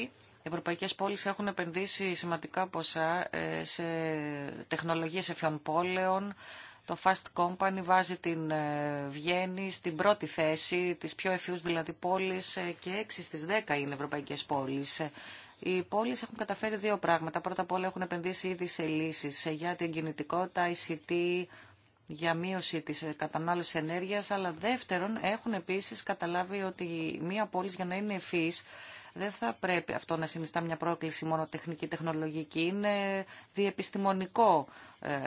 οι ευρωπαϊκές πόλεις έχουν επενδύσει σημαντικά ποσά ε, σε τεχνολογίες εφιών πόλεων. Το Fast Company βάζει την ε, Βιέννη στην πρώτη θέση, της πιο εφιούς δηλαδή πόλεις ε, και 6 στις δέκα είναι ευρωπαϊκές πόλεις. Οι πόλεις έχουν καταφέρει δύο πράγματα. Πρώτα απ' όλα έχουν επενδύσει ήδη σε λύσεις για την κινητικότητα, ICT, για μείωση της ε, κατανάλωσης ενέργειας, αλλά δεύτερον έχουν επίσης καταλάβει ότι μία πόλη για να είναι ευφύης δεν θα πρέπει αυτό να συνιστά μια πρόκληση μόνο τεχνική τεχνολογική, είναι διεπιστημονικό ε,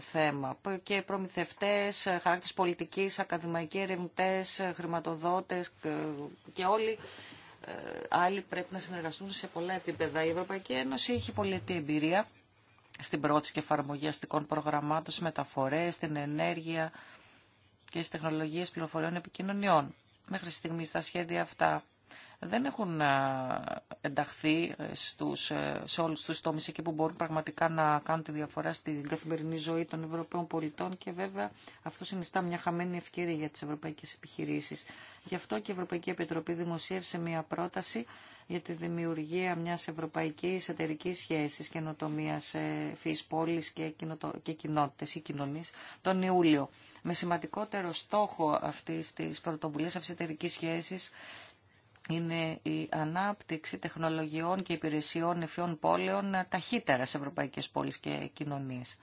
θέμα και προμηθευτές, ε, χαράκτες πολιτικής, ακαδημαϊκοί ερευνητές, χρηματοδότες και όλοι ε, άλλοι πρέπει να συνεργαστούν σε πολλά επίπεδα. Η Ευρωπαϊκή Ένωση έχει πολιτή εμπειρία στην πρώτη και εφαρμογή αστικών προγραμμάτων, στις μεταφορές, στην ενέργεια και στις τεχνολογίες πληροφοριών επικοινωνιών. Μέχρι στιγμή τα σχέδια αυτά δεν έχουν ε, ενταχθεί ε, στους, ε, σε όλους τους τόμεις εκεί που μπορούν πραγματικά να κάνουν τη διαφορά στην καθημερινή ζωή των Ευρωπαίων πολιτών και βέβαια αυτό συνιστά μια χαμένη ευκαιρία για τις ευρωπαϊκές επιχειρήσεις. Γι' αυτό και η Ευρωπαϊκή Επιτροπή δημοσίευσε μια πρόταση για τη δημιουργία μιας ευρωπαϊκής εταιρικής σχέσης καινοτομίας φύης πόλης και, κοινοτο... και κοινότητες ή κοινωνής τον Ιούλιο. Με σημαντικότερο στόχο αυτής της πρωτοβουλίας αυτής εταιρικής σχέσης είναι η ανάπτυξη τεχνολογιών και υπηρεσιών εφιών πόλεων ε, ταχύτερα σε ευρωπαϊκές πόλεις και κοινωνίες.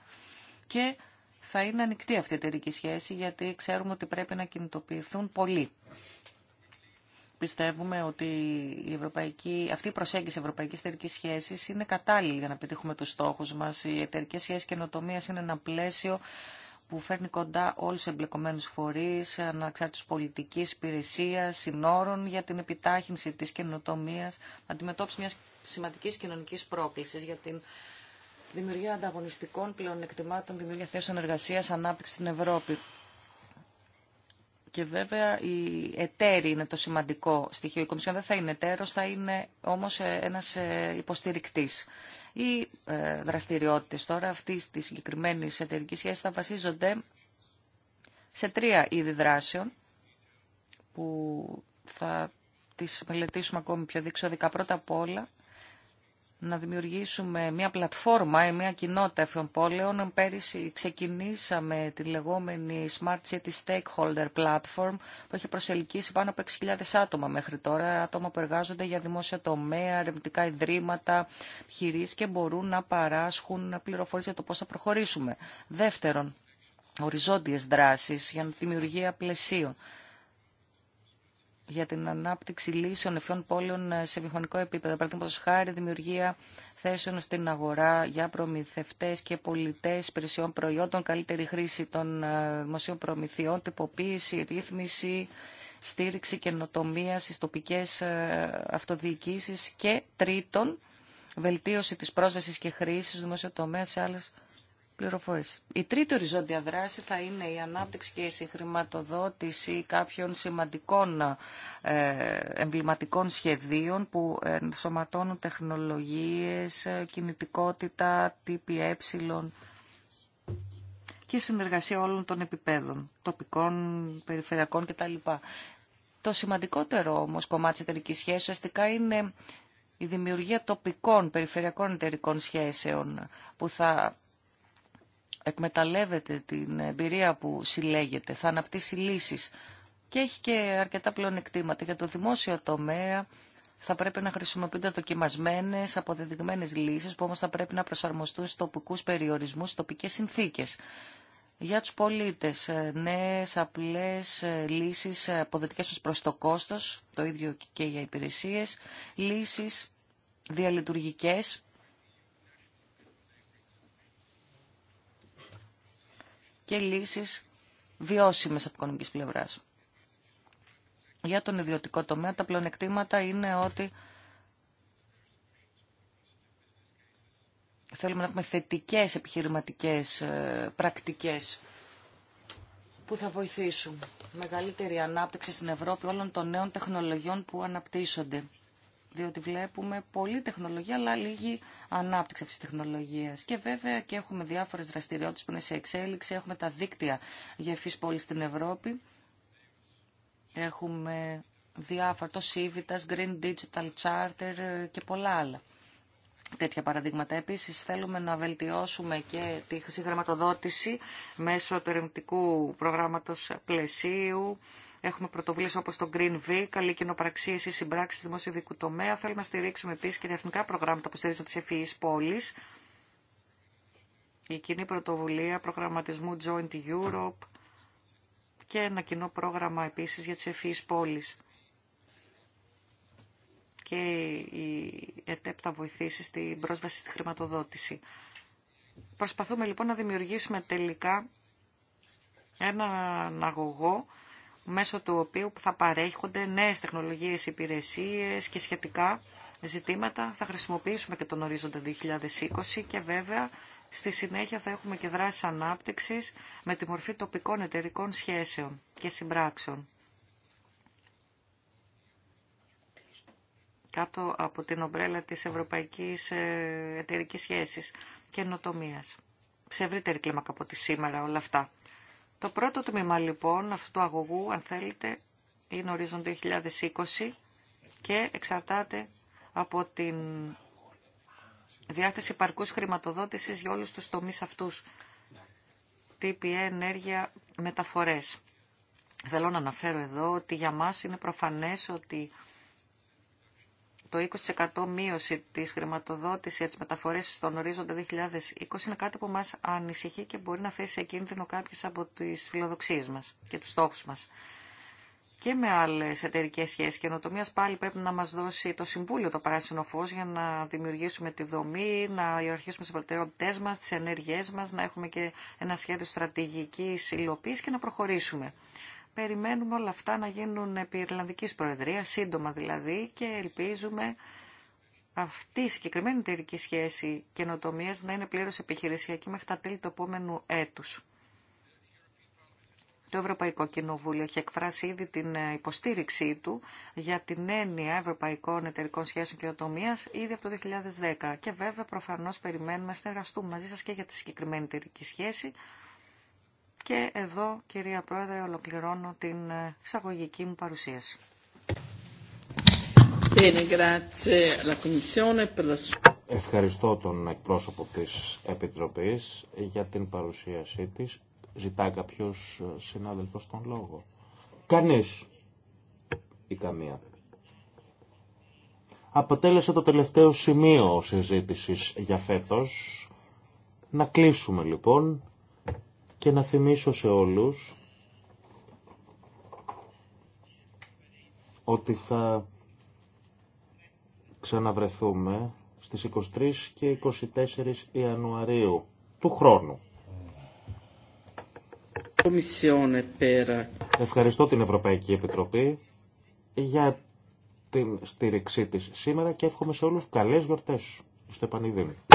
Και θα είναι ανοιχτή αυτή η εταιρική σχέση γιατί ξέρουμε ότι πρέπει να κινητοποιηθούν πολλοί. Πιστεύουμε ότι η ευρωπαϊκή, αυτή η προσέγγιση ευρωπαϊκή εταιρική σχέση είναι κατάλληλη για να πετύχουμε του στόχου μα. Οι εταιρικέ σχέσει καινοτομία είναι ένα πλαίσιο που φέρνει κοντά όλους τους εμπλεκομένους φορείς, αναξάρτητους πολιτικής υπηρεσίας, συνόρων για την επιτάχυνση της καινοτομίας, αντιμετώπιση μιας σημαντικής κοινωνικής πρόκλησης για την δημιουργία ανταγωνιστικών πλεονεκτημάτων, δημιουργία θέσεων εργασίας, ανάπτυξη στην Ευρώπη. Και βέβαια η εταίροι είναι το σημαντικό στοιχείο. Η Κομισιόν δεν θα είναι εταίρος, θα είναι όμως ε, ένας ε, υποστηρικτής. Οι ε, δραστηριότητες τώρα αυτής της συγκεκριμένης εταιρική σχέση, θα βασίζονται σε τρία είδη δράσεων που θα τις μελετήσουμε ακόμη πιο διεξοδικά. Πρώτα απ' όλα να δημιουργήσουμε μια πλατφόρμα ή μια κοινότητα πόλεων, Πέρυσι ξεκινήσαμε τη λεγόμενη Smart City Stakeholder Platform που έχει προσελκύσει πάνω από 6.000 άτομα μέχρι τώρα, άτομα που εργάζονται για δημόσια τομέα, ερευνητικά ιδρύματα, χειρίς και μπορούν να παράσχουν πληροφορίες για το πώς θα προχωρήσουμε. Δεύτερον, οριζόντιες δράσεις για τη δημιουργία πλαισίων για την ανάπτυξη λύσεων ευφυών πόλεων ε, σε βιομηχανικό επίπεδο. Παραδείγματο χάρη, δημιουργία θέσεων στην αγορά για προμηθευτέ και πολιτέ υπηρεσιών προϊόντων, καλύτερη χρήση των ε, δημοσίων προμηθειών, τυποποίηση, ρύθμιση, στήριξη καινοτομία στι τοπικέ ε, αυτοδιοικήσει και τρίτον, βελτίωση τη πρόσβαση και χρήση του δημοσίου τομέα σε άλλε η τρίτη οριζόντια δράση θα είναι η ανάπτυξη και η συγχρηματοδότηση κάποιων σημαντικών ε, εμβληματικών σχεδίων που ενσωματώνουν τεχνολογίες, ε, κινητικότητα, τύπη ε και συνεργασία όλων των επιπέδων, τοπικών, περιφερειακών κτλ. Το σημαντικότερο όμως κομμάτι της εταιρικής σχέσης ουσιαστικά είναι η δημιουργία τοπικών περιφερειακών εταιρικών σχέσεων που θα εκμεταλλεύεται την εμπειρία που συλλέγεται, θα αναπτύσσει λύσεις και έχει και αρκετά πλεονεκτήματα. Για το δημόσιο τομέα θα πρέπει να χρησιμοποιούνται δοκιμασμένες, αποδεδειγμένες λύσεις που όμως θα πρέπει να προσαρμοστούν στους τοπικούς περιορισμούς, τοπικές συνθήκες. Για τους πολίτες, ε, νέες απλές ε, λύσεις ε, αποδετικές ω προς το κόστος, το ίδιο και για υπηρεσίες, λύσεις διαλειτουργικές και λύσεις βιώσιμες από οικονομικής πλευράς. Για τον ιδιωτικό τομέα τα πλεονεκτήματα είναι ότι θέλουμε να έχουμε θετικές επιχειρηματικές ε, πρακτικές που θα βοηθήσουν μεγαλύτερη ανάπτυξη στην Ευρώπη όλων των νέων τεχνολογιών που αναπτύσσονται διότι βλέπουμε πολλή τεχνολογία αλλά λίγη ανάπτυξη αυτή της τεχνολογίας. Και βέβαια και έχουμε διάφορες δραστηριότητες που είναι σε εξέλιξη, έχουμε τα δίκτυα γεφή πόλη στην Ευρώπη, έχουμε διάφορα, το Civitas, Green Digital Charter και πολλά άλλα. Τέτοια παραδείγματα. Επίσης θέλουμε να βελτιώσουμε και τη χρηματοδότηση μέσω του ερευνητικού προγράμματος πλαισίου, Έχουμε πρωτοβουλίε όπω το Green V, καλή κοινοπραξίε ή συμπράξει δημόσιο δικού τομέα. Θέλουμε να κοινοπραξία, Η συμπραξει δημοσιο τομεα θελουμε να στηριξουμε πρωτοβουλία προγραμματισμού Joint Europe και ένα κοινό πρόγραμμα επίσης για τις ευφυείς πόλεις. Και η ΕΤΕΠ θα βοηθήσει στην πρόσβαση στη χρηματοδότηση. Προσπαθούμε λοιπόν να δημιουργήσουμε τελικά έναν αγωγό μέσω του οποίου θα παρέχονται νέες τεχνολογίες, υπηρεσίες και σχετικά ζητήματα. Θα χρησιμοποιήσουμε και τον ορίζοντα 2020 και βέβαια στη συνέχεια θα έχουμε και δράσεις ανάπτυξης με τη μορφή τοπικών εταιρικών σχέσεων και συμπράξεων. κάτω από την ομπρέλα της Ευρωπαϊκής ε, Εταιρικής Σχέσης και Ενοτομίας. Σε ευρύτερη κλίμακα από τη σήμερα όλα αυτά. Το πρώτο τμήμα λοιπόν αυτού του αγωγού, αν θέλετε, είναι ορίζον 2020 και εξαρτάται από την διάθεση παρκούς χρηματοδότησης για όλους τους τομείς αυτούς. ΤΠΕ, ενέργεια, μεταφορές. Θέλω να αναφέρω εδώ ότι για μας είναι προφανές ότι το 20% μείωση τη χρηματοδότηση για τι μεταφορέ στον ορίζοντα 2020 είναι κάτι που μα ανησυχεί και μπορεί να θέσει σε κίνδυνο κάποιε από τι φιλοδοξίε μα και του στόχου μα. Και με άλλες εταιρικέ σχέσεις καινοτομία πάλι πρέπει να μα δώσει το Συμβούλιο το πράσινο φω για να δημιουργήσουμε τη δομή, να ιεραρχήσουμε τι προτεραιότητέ μα, τι ενέργειε μα, να έχουμε και ένα σχέδιο στρατηγική υλοποίηση και να προχωρήσουμε περιμένουμε όλα αυτά να γίνουν επί Ιρλανδικής Προεδρίας, σύντομα δηλαδή, και ελπίζουμε αυτή η συγκεκριμένη εταιρική σχέση καινοτομία να είναι πλήρως επιχειρησιακή μέχρι τα τέλη του επόμενου έτους. Το Ευρωπαϊκό Κοινοβούλιο έχει εκφράσει ήδη την υποστήριξή του για την έννοια Ευρωπαϊκών Εταιρικών Σχέσεων Καινοτομία ήδη από το 2010. Και βέβαια, προφανώ περιμένουμε να συνεργαστούμε μαζί σα και για τη συγκεκριμένη εταιρική σχέση. Και εδώ, κυρία Πρόεδρε, ολοκληρώνω την ε, εισαγωγική μου παρουσίαση. Ευχαριστώ τον εκπρόσωπο της Επιτροπής για την παρουσίασή της. Ζητά κάποιος ε, συνάδελφος τον λόγο. Κανείς ή καμία. Αποτέλεσε το τελευταίο σημείο συζήτησης για φέτος. Να κλείσουμε λοιπόν και να θυμίσω σε όλους ότι θα ξαναβρεθούμε στις 23 και 24 Ιανουαρίου του χρόνου. Ευχαριστώ την Ευρωπαϊκή Επιτροπή για την στήριξή της σήμερα και εύχομαι σε όλους καλές γιορτές στο επανειδήμιο.